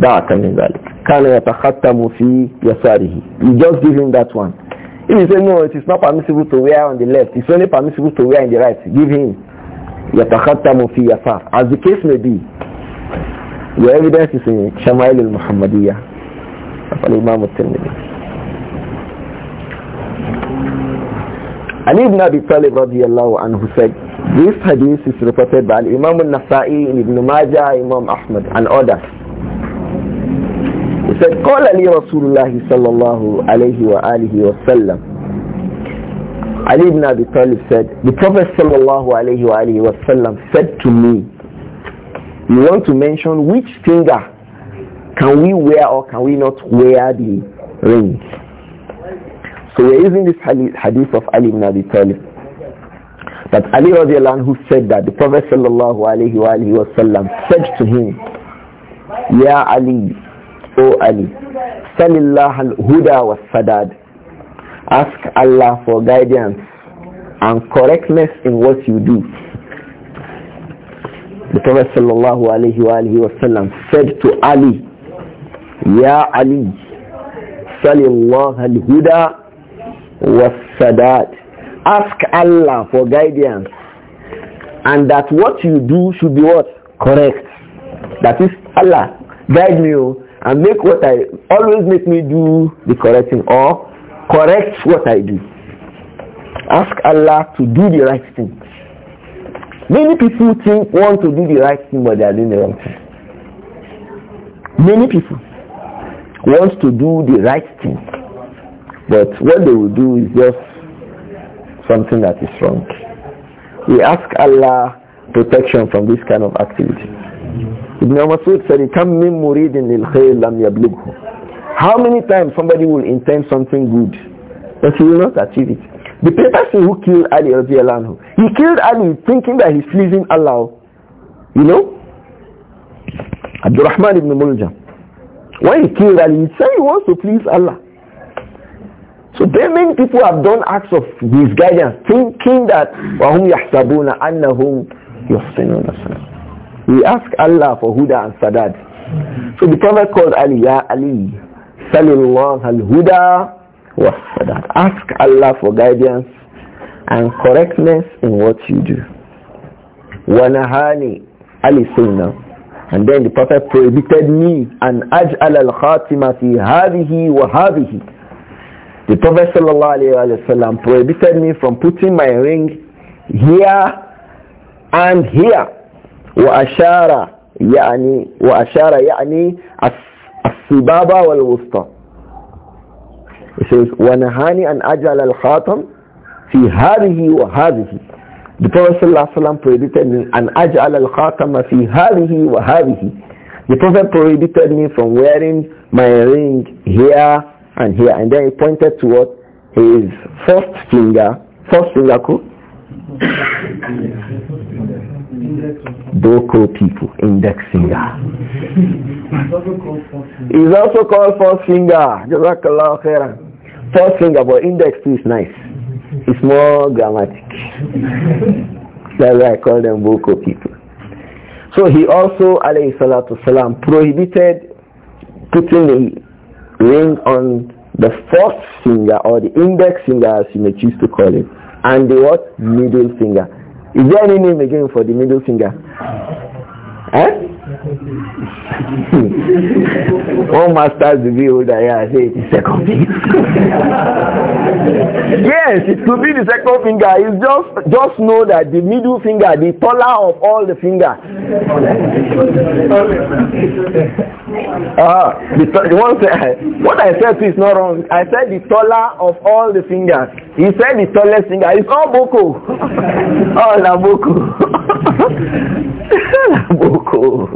that and that. Kana yatakhattamu fi yasarihi. You just give him that one. If you say, no, it is not permissible to wear on the left. It's only permissible to wear on the right. Give him. يتختم في يسار as the case may be your evidence is in شمائل المحمدية فالإمام الترمذي Ali ibn Abi Talib radiallahu anhu said, this hadith is reported by Imam al-Nasa'i, Ibn Majah, Imam Ahmad and others. He said, قال لي رسول الله صلى الله عليه وآله وسلم Ali ibn Abi Talib said, the Prophet sallallahu alayhi wa alayhi وسلم said to me, you want to mention which finger can we wear or can we not wear the ring? So we're using this hadith of Ali ibn Abi Talib. That Ali radiallahu anhu said that the Prophet sallallahu alayhi wa alayhi wa sallam said to him, Ya Ali, O Ali, salillah al-huda wa sadad. Ask Allah for guidance and correctness in what you do. The Prophet sallallahu alayhi wa alayhi wa sallam said to Ali, Ya Ali, salillah al-huda sadat. Ask Allah for guidance and that what you do should be what? Correct. That is Allah. Guide me oh, and make what I always make me do the correct thing or correct what I do. Ask Allah to do the right thing. Many people think want to do the right thing but they are doing the wrong thing. Many people want to do the right thing but what they will do is just something that is wrong. We ask Allah protection from this kind of activity. Ibn Masud said, "Come min muridin lil lam yablughu." How many times somebody will intend something good, but he will not achieve it? The person who killed Ali radiallahu, he killed Ali thinking that he's pleasing Allah. You know? Abdurrahman ibn Muljam. When he killed Ali, he said he wants to please Allah. So then many people have done acts of misguidance, thinking that وَهُمْ يَحْسَبُونَ أَنَّهُمْ يُحْسِنُونَ We ask Allah for Huda and Sadat. So the Prophet called Ali, Ya Ali, Salimullah al-Huda wa Sadat. Ask Allah for guidance and correctness in what you do. وَنَهَانِ Ali Sunnah. And then the Prophet prohibited me and أَجْعَلَ fi فِي wa وَهَذِهِ the Prophet ﷺ prohibited me from putting my ring here and here. وأشار يعني وأشار يعني السبابة والوسطى. He says ونهاني أن أجعل الخاتم في هذه وهذه. The Prophet ﷺ prohibited me أن أجعل الخاتم في هذه وهذه. The Prophet prohibited me from wearing my ring here and here. And then he pointed to what? His first finger, first finger code? Doko people, index finger. It's also called first finger. Jazakallah khairan. First finger, but index too is nice. It's more grammatic. That's why I call them Boko people. So he also, alayhi salatu salam, prohibited putting the ring on the fourth finger or the index finger as you may choose to call it and the what middle finger is there any name again for the middle finger eh? *laughs* one master's degree holder here I say it is second finger *laughs* yes it could be the second finger you just just know that the middle finger the taller of all the finger *laughs* Ah, the, the one *laughs* what I said is not wrong. I said the taller of all the fingers. He said the tallest finger. It's all boko. *laughs* all la boko. la *laughs* boko.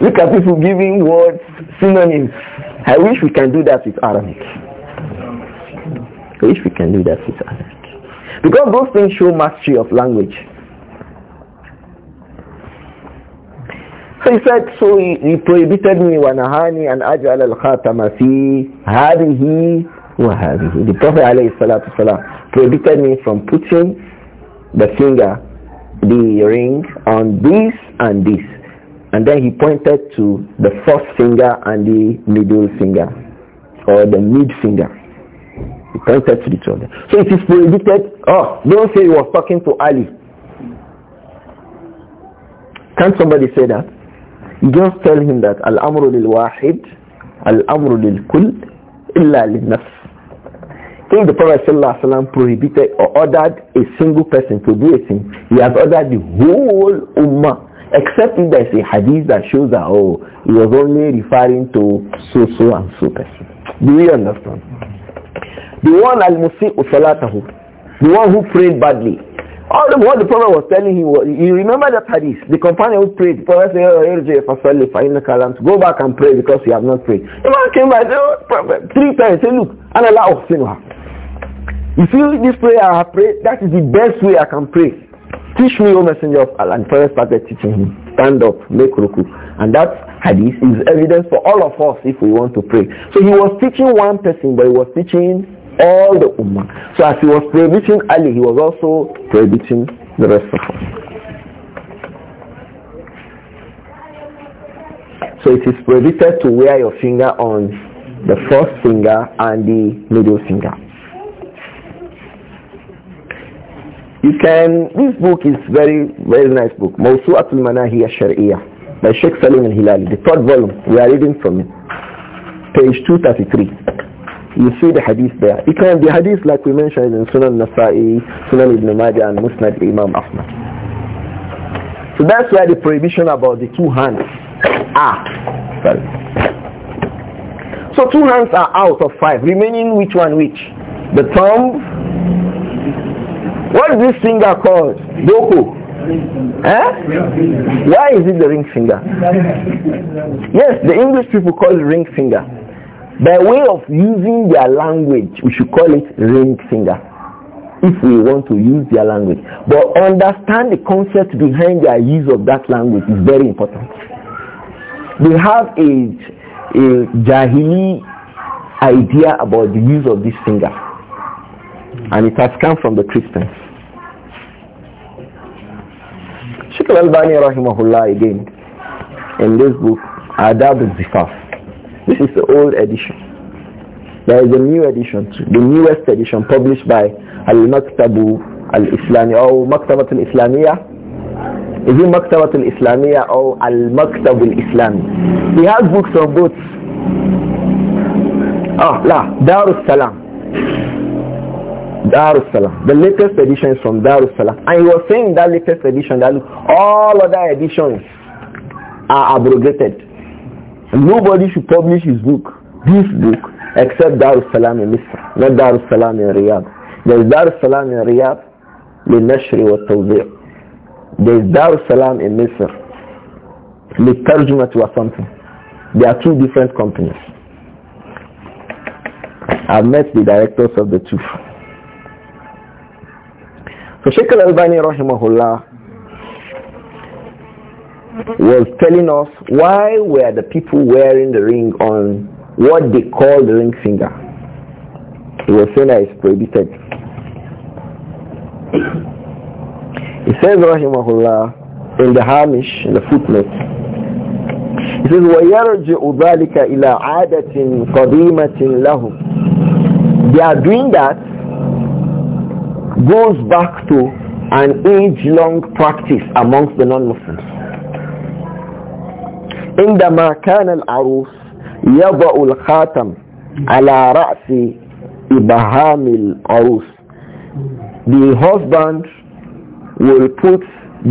Look at people giving words synonyms. I wish we can do that with Arabic. I wish we can do that with Arabic. Because those things show mastery of language. So he said, so he, he prohibited me wanahani and ajal al-khatama fi hadihi wa hadihi. The Prophet alayhi salatu salam prohibited me from putting the finger, the ring on this and this. And then he pointed to the first finger and the middle finger or the mid finger. He pointed to each other. So it is prohibited. Oh, don't say he was talking to Ali. Can somebody say that? Just tell him that al-amru lil-wahid, al-amru lil-kull, illa lil-nafs. If the Prophet ﷺ prohibited or ordered a single person to do a thing, he has ordered the whole ummah except if there's a hadith that shows that oh he was only referring to so so and so person do you understand the one al musi the one who prayed badly all the, what the Prophet was telling him was, you remember that hadith, the companion who prayed, the Prophet said, oh, go back and pray because you have not prayed. The man came by oh, Prophet, three times, say, look, and Allah of sinwa. You feel this prayer I have prayed, that is the best way I can pray. Teach me, O Messenger of Allah. And Prophet started teaching him, stand up, make ruku. And that hadith is evidence for all of us if we want to pray. So he was teaching one person, but he was teaching all the ummah. So as he was prohibiting Ali, he was also prohibiting the rest of us. So it is prohibited to wear your finger on the first finger and the middle finger. You can, this book is very, very nice book. Mawsu'atul Manahi Shari'iyah by Sheikh Salim al-Hilali, the third volume. We are reading from it. Page 233 you see the hadith there. It can be hadith like we mentioned in Sunan Nasa'i, Sunan Ibn Majah and Musnad Imam Ahmad. So that's why the prohibition about the two hands are. Sorry. So two hands are out of five. Remaining which one which? The thumb. What is this finger called? Doko. Eh? Why is it the ring finger? Yes, the English people call it ring finger. By way of using their language, we should call it ring finger if we want to use their language. But understand the concept behind their use of that language is very important. They have a, a Jahili idea about the use of this finger. And it has come from the Christians. Sheikh Al-Albani rahimahullah again in this book, Adab al-Zifaf this is the old edition. There is a new edition, the newest edition published by Al-Maktabu Al-Islami or Maktabat Al-Islamiyah. Is it Maktabat Al-Islamiyah or Al-Maktab Al-Islami? He has books on both. Ah, la, Dar salam Dar salam The latest edition is from Dar salam And he was saying that latest edition that all other editions are abrogated nobody should publish his book, this book, except Dar es in Misr, not Dar es Salaam in Riyadh. There is Dar es Salaam in Riyadh, للنشر والتوزيع. There is Dar es Salaam in Misr, للترجمة or something. There are two different companies. I've met the directors of the two. So Sheikh Al-Albani rahimahullah was telling us why were the people wearing the ring on what they call the ring finger. He was saying that it's prohibited. He says, Rahimahullah, in the Hamish, in the footnote, he says, وَيَرْجِعُ ذَلِكَ إِلَىٰ عَادَةٍ قَدِيمَةٍ لَهُمْ They are doing that goes back to an age-long practice amongst the non-Muslims. عندما كان العروس يضع الخاتم على رأس إبهام العروس the husband will put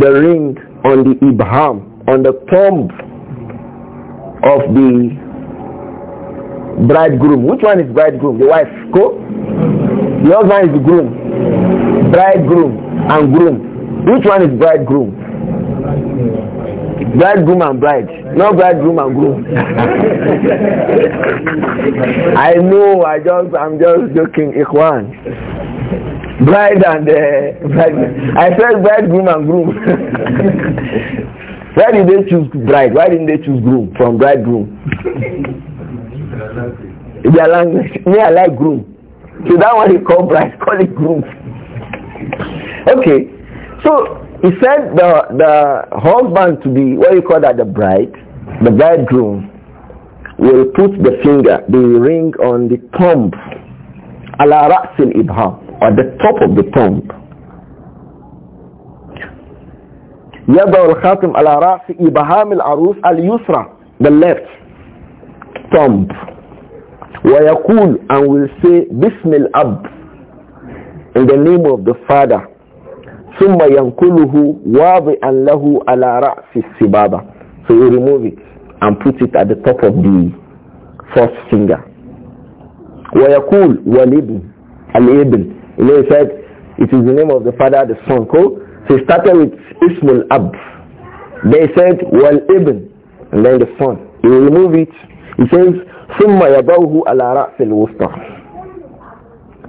the ring on the ibham on the tomb of the bridegroom which one is bridegroom the wife go the husband is the groom bridegroom and groom which one is bridegroom bridegroom and bride not bridegroom and groom i know i just i'm just joking ikhwan bride and uh, bride i said bridegroom and groom *laughs* why did they choose bride why didn't they choose groom from bridegroom their language me i like groom so that one they call bride *laughs* call it groom okay so he said the, the husband to be, what you call that, the bride, the bridegroom, will put the finger, the ring on the tomb, ala ra'sil ibham, on the top of the al-Khatim ala الخاتم على al arus al-Yusra, the left thumb ويقول and will say بسم الأب in the name of the father ثم ينقله واضعا له على رأس السبابة so you remove it and put it at the top of the first finger ويقول والابن الابن you know he said it is the name of the father the son called so he started with Ismail Ab they said والابن and then the son He remove it he says ثم يضعه على رأس الوسطى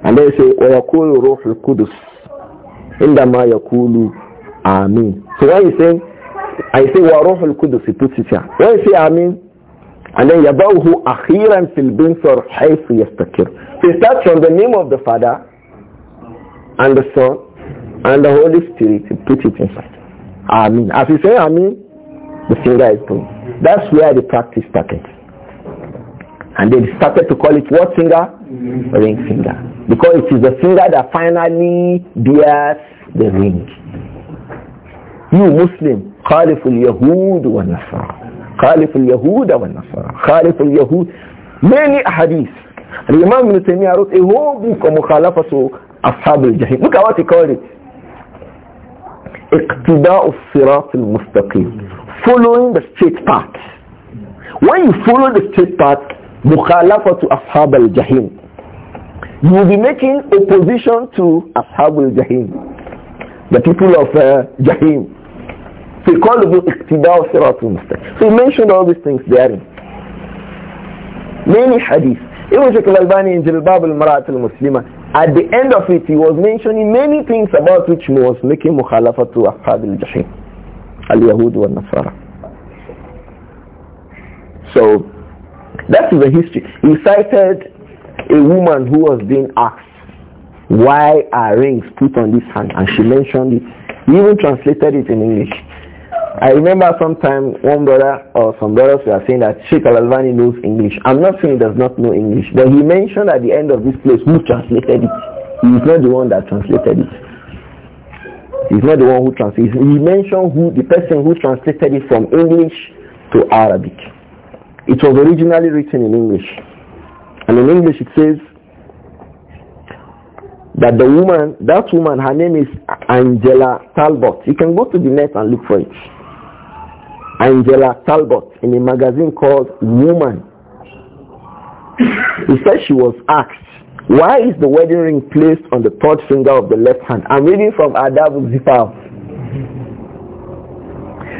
and they say ويقول روح القدس indama yakulu amin so when you say i say wa ruhul qudus put it when you say amin and then yabahu akhiran fil binsar haythu yastakir so it starts from the name of the father and the son and the holy spirit put it inside amin as you say amin the finger is put that's where the practice started and they started to call it what finger? Mm-hmm. Ring finger. Because it is the finger that finally bears the ring. You Muslim, خالف اليهود والنصارى خالف اليهود والنصارى خالف yahud many hadith and Imam Ibn Taymiyyah wrote a whole book on مخالفة al-Jahim. look at what he called it اقتداء الصراط المستقيم following the straight path when you follow the straight path mukhalafatu ashab al-jahim. You will be making opposition to ashab al-jahim, the people of uh, jahim. So he called the iqtida' siratul mustaqim. So he mentioned all these things therein. Many hadith. Even Sheikh al-Albani in Jilbab al-Mara'at al-Muslimah, at the end of it, he was mentioning many things about which he was making Mukhalafatu to Ashab al-Jahim, al-Yahud wa nasara So, that is the history. He cited a woman who was being asked, why are rings put on this hand? And she mentioned it. He even translated it in English. I remember sometime one brother or some brothers were saying that Sheikh Al-Albani knows English. I'm not saying he does not know English, but he mentioned at the end of this place who translated it. He is not the one that translated it. He's not the one who translated. He mentioned who the person who translated it from English to Arabic. It was originally written in English. And in English it says that the woman, that woman, her name is Angela Talbot. You can go to the net and look for it. Angela Talbot in a magazine called Woman. He said she was asked, why is the wedding ring placed on the third finger of the left hand? I'm reading from Adab Zipal.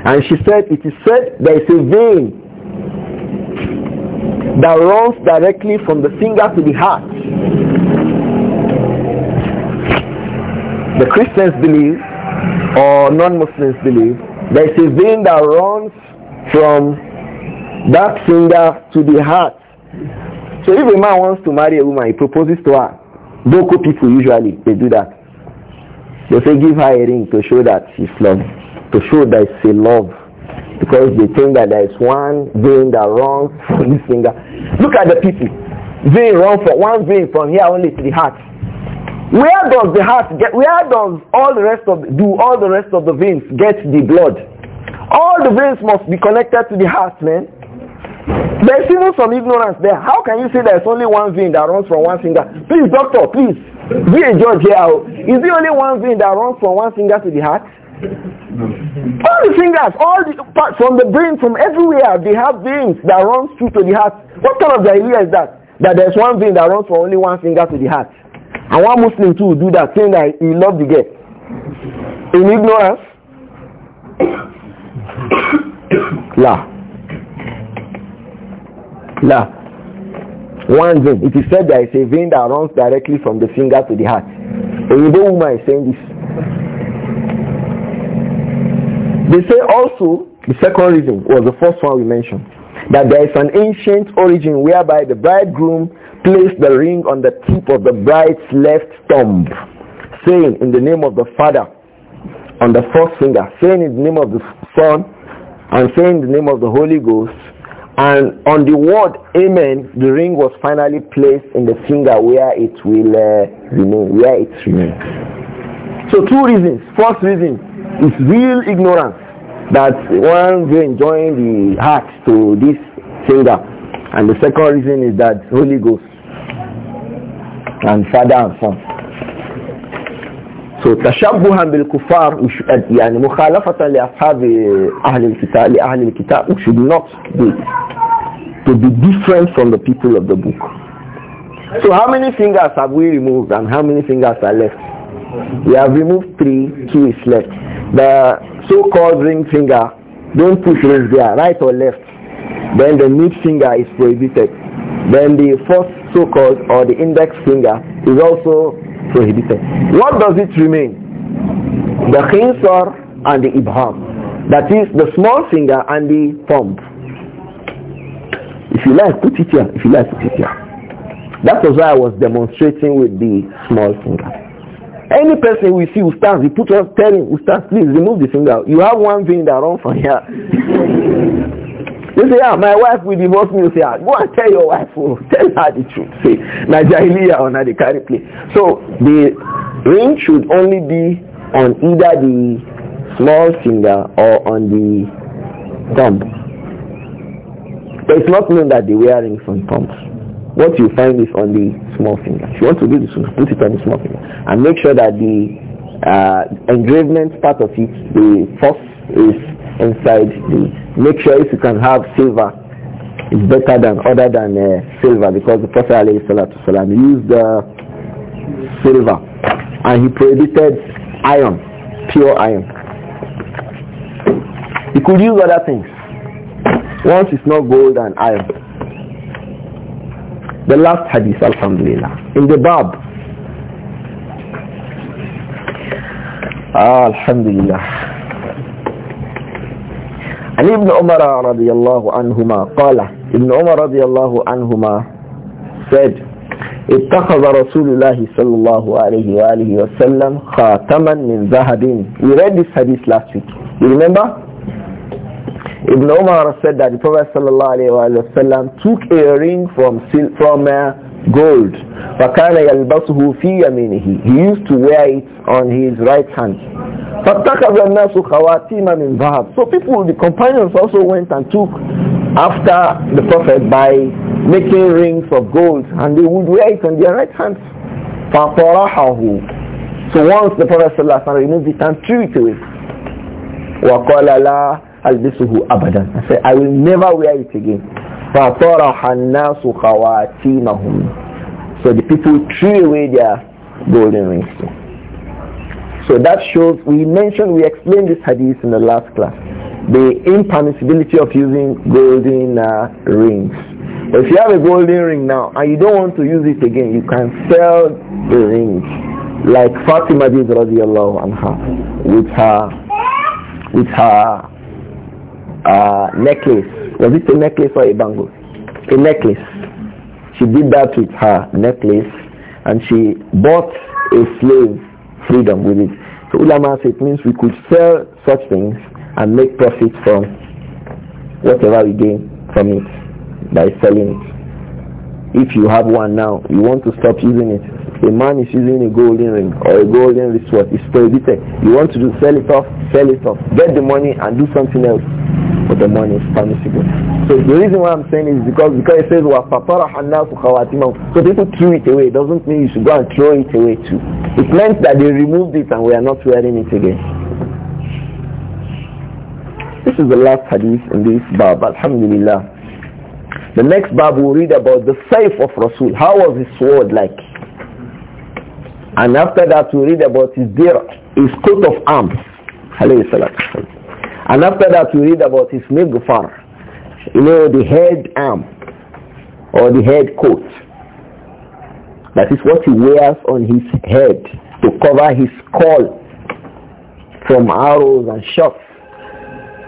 And she said, it is said there is a vein that runs directly from the finger to the heart. The Christians believe, or non-Muslims believe, there is a vein that runs from that finger to the heart. So if a man wants to marry a woman, he proposes to her. Boko people usually, they do that. They say give her a ring to show that she's loved, to show that it's a love because they think that there is one vein that runs from this finger. Look at the people. Vein runs from one vein from here only to the heart. Where does the heart get? Where does all the rest of do all the rest of the veins get the blood? All the veins must be connected to the heart, man. There's even some ignorance there. How can you say there's only one vein that runs from one finger? Please, doctor, please, be a judge here. Oh. Is there only one vein that runs from one finger to the heart? all the fingers, all the from the brain, from everywhere, they have veins that runs through to the heart. What kind of idea is that? That there's one vein that runs from only one finger to the heart. And one Muslim too do that, saying that he loved the girl. In ignorance. *coughs* La. La. One vein. It is said there is a vein that runs directly from the finger to the heart. A Hebrew woman is saying this. They say also, the second reason was the first one we mentioned, that there is an ancient origin whereby the bridegroom placed the ring on the tip of the bride's left thumb, saying in the name of the Father, on the first finger, saying in the name of the Son, and saying the name of the Holy Ghost, and on the word amen, the ring was finally placed in the finger where it will uh, remain, where it remains. So two reasons. First reason, it's real ignorance that one will enjoying the heart to this singer. And the second reason is that Holy Ghost and Father and Son. So تشبها بالكفار يعني مخالفة لأصحاب أهل الكتاب لأهل الكتاب should not be to be different from the people of the book. So how many fingers have we removed and how many fingers are left? You have removed three, two is left. The so-called ring finger, don't push rings there, right or left. Then the mid finger is prohibited. Then the fourth so-called or the index finger is also prohibited. What does it remain? The khinsar and the ibham. That is the small finger and the thumb. If you like, put it here. If you like, put it here. That was why I was demonstrating with the small finger. Any person we see who stands, we put on, tell him, Ustaz, please remove the finger. You have one thing that runs from here. *laughs* you say, ah, my wife will divorce me. You say, ah, go and tell your wife. Oh, tell her the truth. Say, Najahiliya or carry please. So the ring should only be on either the small finger or on the thumb. But it's not known that they wear rings on thumbs what you find is on the small finger. If you want to do this, put it on the small finger. And make sure that the uh, engravement part of it, the force is inside the... Make sure if you can have silver, it's better than other than uh, silver because the Prophet alayhi salatu salam used uh, silver and he prohibited iron, pure iron. He could use other things. Once it's not gold and iron. The last hadith, alhamdulillah. In the Bab. Ah, alhamdulillah. عن ابن عمر رضي الله عنهما قال ابن عمر رضي said اتخذ رسول الله صلى الله عليه وآله وسلم خاتما من ذهب we read this hadith last week you remember Ibn Umar said that the Prophet ﷺ took a ring from from uh, gold. فَكَانَ يَلْبَسُهُ فِي يَمِينِهِ He used to wear it on his right hand. So people, the companions also went and took after the Prophet by making rings of gold and they would wear it on their right hands. فَطَرَحَهُ So once the Prophet ﷺ removed it and threw it away. وَقَالَ ألبسه أبدا I said I will never wear it again فطرح الناس خواتيمهم So the people threw away their golden rings So that shows, we mentioned, we explained this hadith in the last class, the impermissibility of using golden uh, rings. If you have a golden ring now and you don't want to use it again, you can sell the ring like Fatima did radiallahu anha with her, with her uh, necklace. Was it a necklace or a bangle? A necklace. She did that with her necklace and she bought a slave freedom with it. So ulama said it means we could sell such things and make profit from whatever we gain from it by selling it. If you have one now, you want to stop using it. A man is using a golden ring or a golden wristwatch. It's prohibited. You want to do, sell it off, sell it off. Get the money and do something else for the money is permissible. So the reason why I'm saying is because because it says So people threw it away. It doesn't mean you should go and throw it away too. It meant that they removed it and we are not wearing it again. This is the last hadith in this bab. Alhamdulillah. The next bab we'll read about the saif of Rasul. How was his sword like? And after that we'll read about his dear, his coat of arms. Alayhi salatu and after that we read about his mighfar, you know, the head arm or the head coat. That is what he wears on his head to cover his skull from arrows and shots.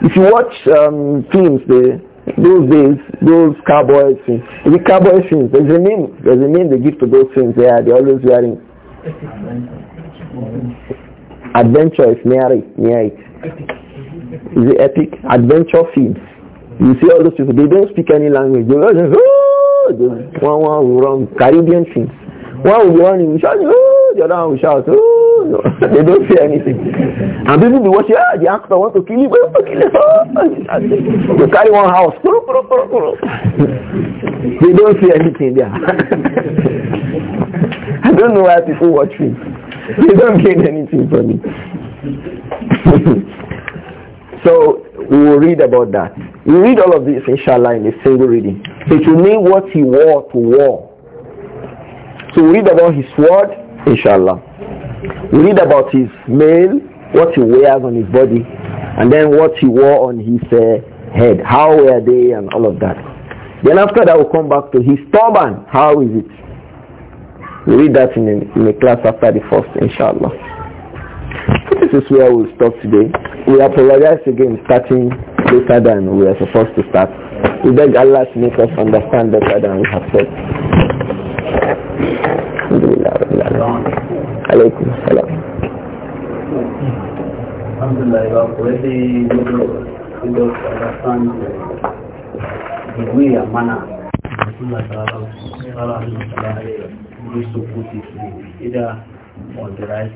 If you watch um, films, the, those days, those cowboy the cowboy films, there's a name, there's a name they give to those They are, they're always wearing. Adventure is near it, near it is it epic? Adventure films. You see all those people, they don't speak any language. They just, oh, just, one one will run Caribbean films. One will run in shout, oh, the other one will shout, oh, no. *laughs* they don't say anything. And people be watching, ah, the actor want to kill you. want to kill him. Oh. *laughs* You carry one house. *laughs* they don't say anything there. I don't know why people watch me. They don't gain anything from me. So we will read about that. We read all of this, inshallah, in a single reading. It will mean what he wore to war. So we read about his sword, inshallah. We read about his mail, what he wears on his body, and then what he wore on his uh, head. How were they and all of that. Then after that we'll come back to his turban. How is it? We read that in a, in a class after the first, inshallah this is where we'll stop today. We apologize again starting later than we are supposed to start. We beg Allah to make us understand better than we have said. understand the way manner on the right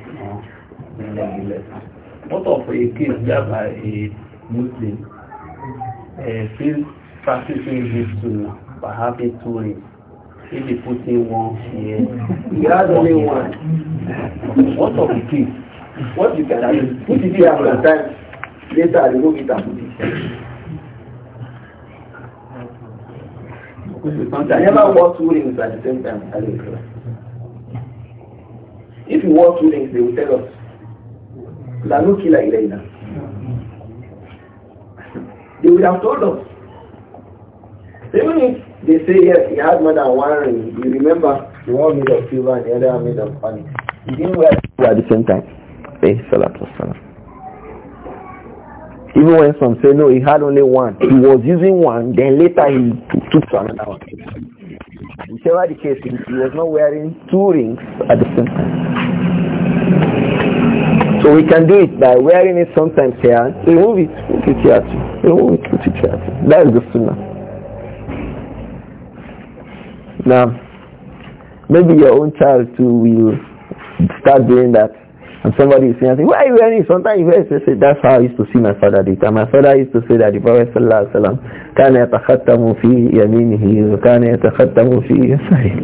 What of a case whereby a Muslim feels practicing this to perhaps two rings? If he puts in one here, he has only one. What of the case? What you can do, put it here sometimes, later remove it and put it here. never wore two rings at the same time. If you wore two rings, they will tell us لنكل They would have told us. Even if they say yes, he had more than one ring, you remember the one made of silver and the other made of honey. He didn't wear two at the same time. Hey, salatu Even when some say no, he had only one. He was using one, then later he took to another one. Whichever the case, he was not wearing two rings at the same time. So we can do it by wearing it sometimes here. Remove it, put it here too. Remove it, put it here too. That is the sunnah. Now, maybe your own child too will start doing that. And somebody is saying, why are you wearing it? Sometimes you wear it. Say, that's how I used to see my father did. And my father used to say that the Prophet sallallahu alaihi wasallam كان يتختم في يمينه وكان يتختم في يساره.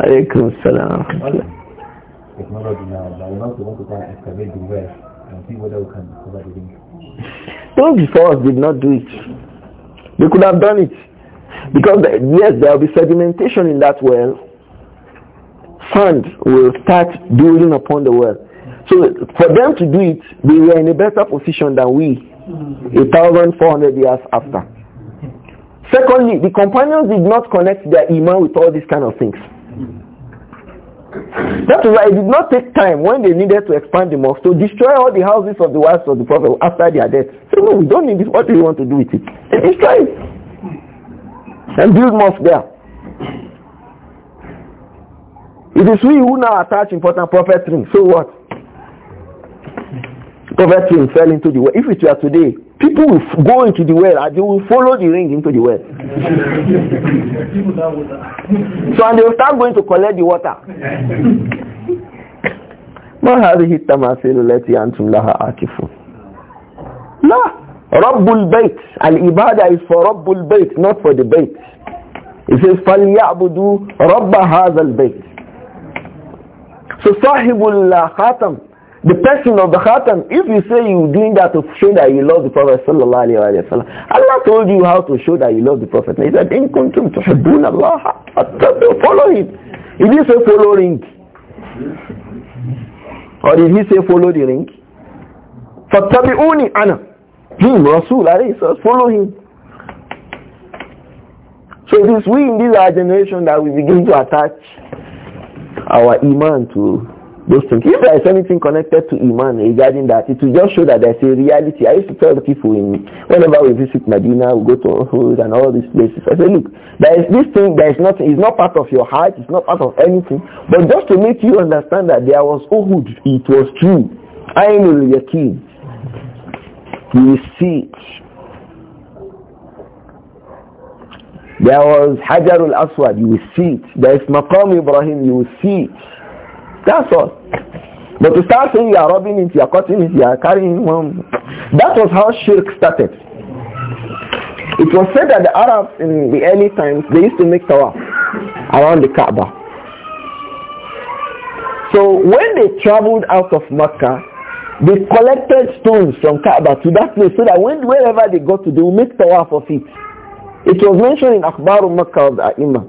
عليكم السلام ورحمة الله technology now, but we also want to try and excavate the well and see whether we can discover the link. Those before us did not do it. They could have done it. Because yes, there will be sedimentation in that well. Sand will start building upon the well. So for them to do it, they were in a better position than we, 1,400 years after. Secondly, the companions did not connect their iman with all these kind of things. That is why it did not take time when they needed to expand the mosque to destroy all the houses of the wives of the Prophet after their death. So no, we don't need this. What do you want to do with it? They destroy it and build mosque there. It is we who now attach important prophet ring. So what? Poverty will fell into the well. If it were today, people will go into the well and they will follow the ring into the well. *laughs* so and they will start going to collect the water. ما هذه التماثيل التي أنتم لها عاكفون لا رب البيت العبادة is for رب البيت not for the bait it says فليعبدوا رب هذا البيت so صاحب الخاتم the person of the khatam, if you say you're doing that to show that you love the Prophet sallallahu alayhi Allah told you how to show that you love the Prophet. He said, in كُنْتُمْ تُحِبُّونَ اللَّهَ Follow it. He didn't say follow ring. Or did he say follow the ring? فَاتَّبِعُونِ أَنَا Him, Rasul alayhi follow him. So it is we in this our generation that we begin to attach our iman to those things. If there is anything connected to Iman regarding that, it will just show that there's a reality. I used to tell the people in, whenever we visit Medina, we go to Uhud and all these places. I say, look, there is this thing, there is nothing, it's not part of your heart, it's not part of anything. But just to make you understand that there was Uhud, it was true. I am the King. You see it. There was al Aswad, you will see it. There is Maqam Ibrahim, you will see it. That's all. But to start saying you are robbing it, you are cutting it, you are carrying one. That was how shirk started. It was said that the Arabs in the early times, they used to make tawaf around the Kaaba. So when they traveled out of Mecca, they collected stones from Kaaba to that place so that when, wherever they got to, they would make tawaf of it. It was mentioned in Akbar al-Makkah of the Imam.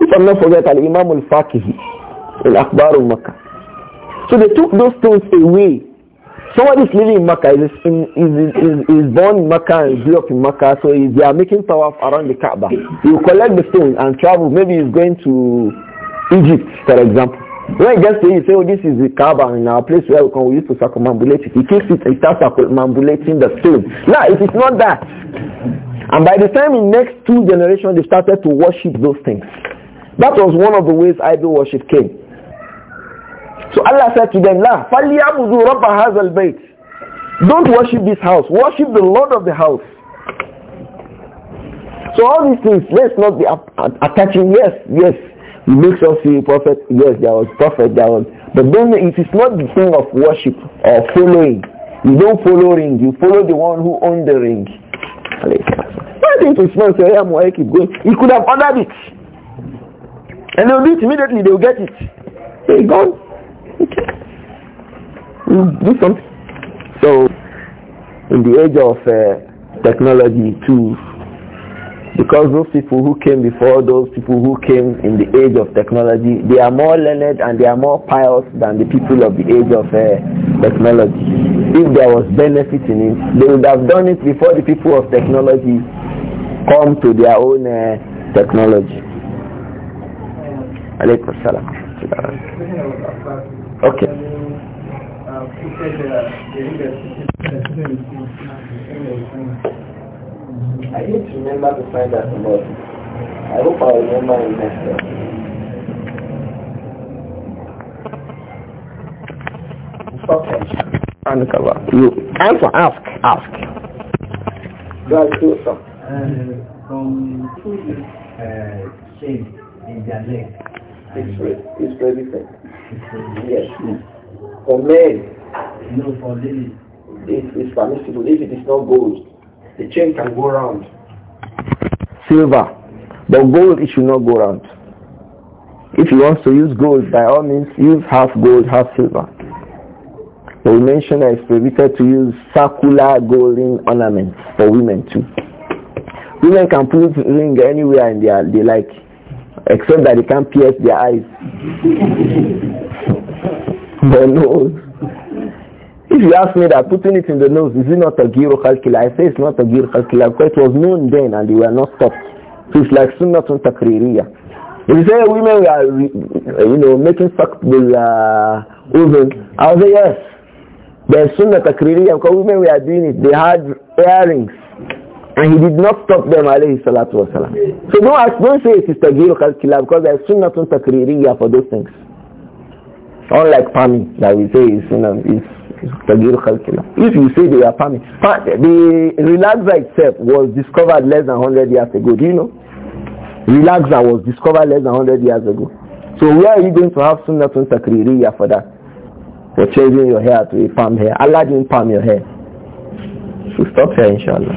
If I'm not forget, Al-Imam al-Fakihi in Akbar of Makkah. So they took those stones away. Somebody is living in Makkah, is, in, is, is, is born in Makkah and grew up in Makkah, so they are making tawaf around the Kaaba. You collect the stone and travel. Maybe he's going to Egypt, for example. When he gets there, he say, oh, this is the Kaaba in our place where we, can, we used to circumambulate it. He takes it, and starts circumambulating the stone. Now, it is not that. And by the time in next two generations, they started to worship those things. That was one of the ways idol worship came. So Allah said to them, La, فَلْيَعْبُدُوا رَبَّ هَذَا الْبَيْتِ Don't worship this house. Worship the Lord of the house. So all these things, let's not be attaching, yes, yes, it makes us see prophet, yes, there was prophet, there was, but then it is not the thing of worship or following. You don't follow ring, you follow the one who owned the ring. I think it's not keep going. He could have ordered it. And they'll do it immediately, they'll get it. they gone. Mm, okay. do something. So, in the age of uh, technology too, because those people who came before, those people who came in the age of technology, they are more learned and they are more pious than the people of the age of uh, technology. If there was benefit in it, they would have done it before the people of technology come to their own uh, technology. Alaykum Okay. I need to remember to find out about I hope i remember it next time. Okay. You answer, ask, ask. Do I do some. Uh, from two uh, in their leg. It's very, it's very different. Yes. For men. No, for ladies. It is permissible. If it is not gold, the chain can go round. Silver. But gold, it should not go round. If you want to use gold, by all means, use half gold, half silver. But we mentioned that it's prohibited to use circular golden ornaments for women too. Women can put ring anywhere in their they like, except that they can't pierce their eyes. *laughs* the nose. If you ask me that putting it in the nose, is it not a giro calcula? I say it's not a giro calcula because it was known then and they were not stopped. So it's like sunnatun takririya. If you say women are, you know, making fuck with uh, I'll say yes. But sunnah takririya because women were doing it. They had earrings. And he did not stop them, alayhi salatu wasalam. So don't, ask, don't say it is takririya because there's sunnatun takririya for those things. Unlike Pami that we say is, you know, is if you say they are permit, the relaxer itself was discovered less than 100 years ago. Do you know? Relaxer was discovered less than 100 years ago. So where are you going to have sunnah to takririya for that? For changing your hair to a palm hair. Allah didn't palm your hair. So stop here inshallah.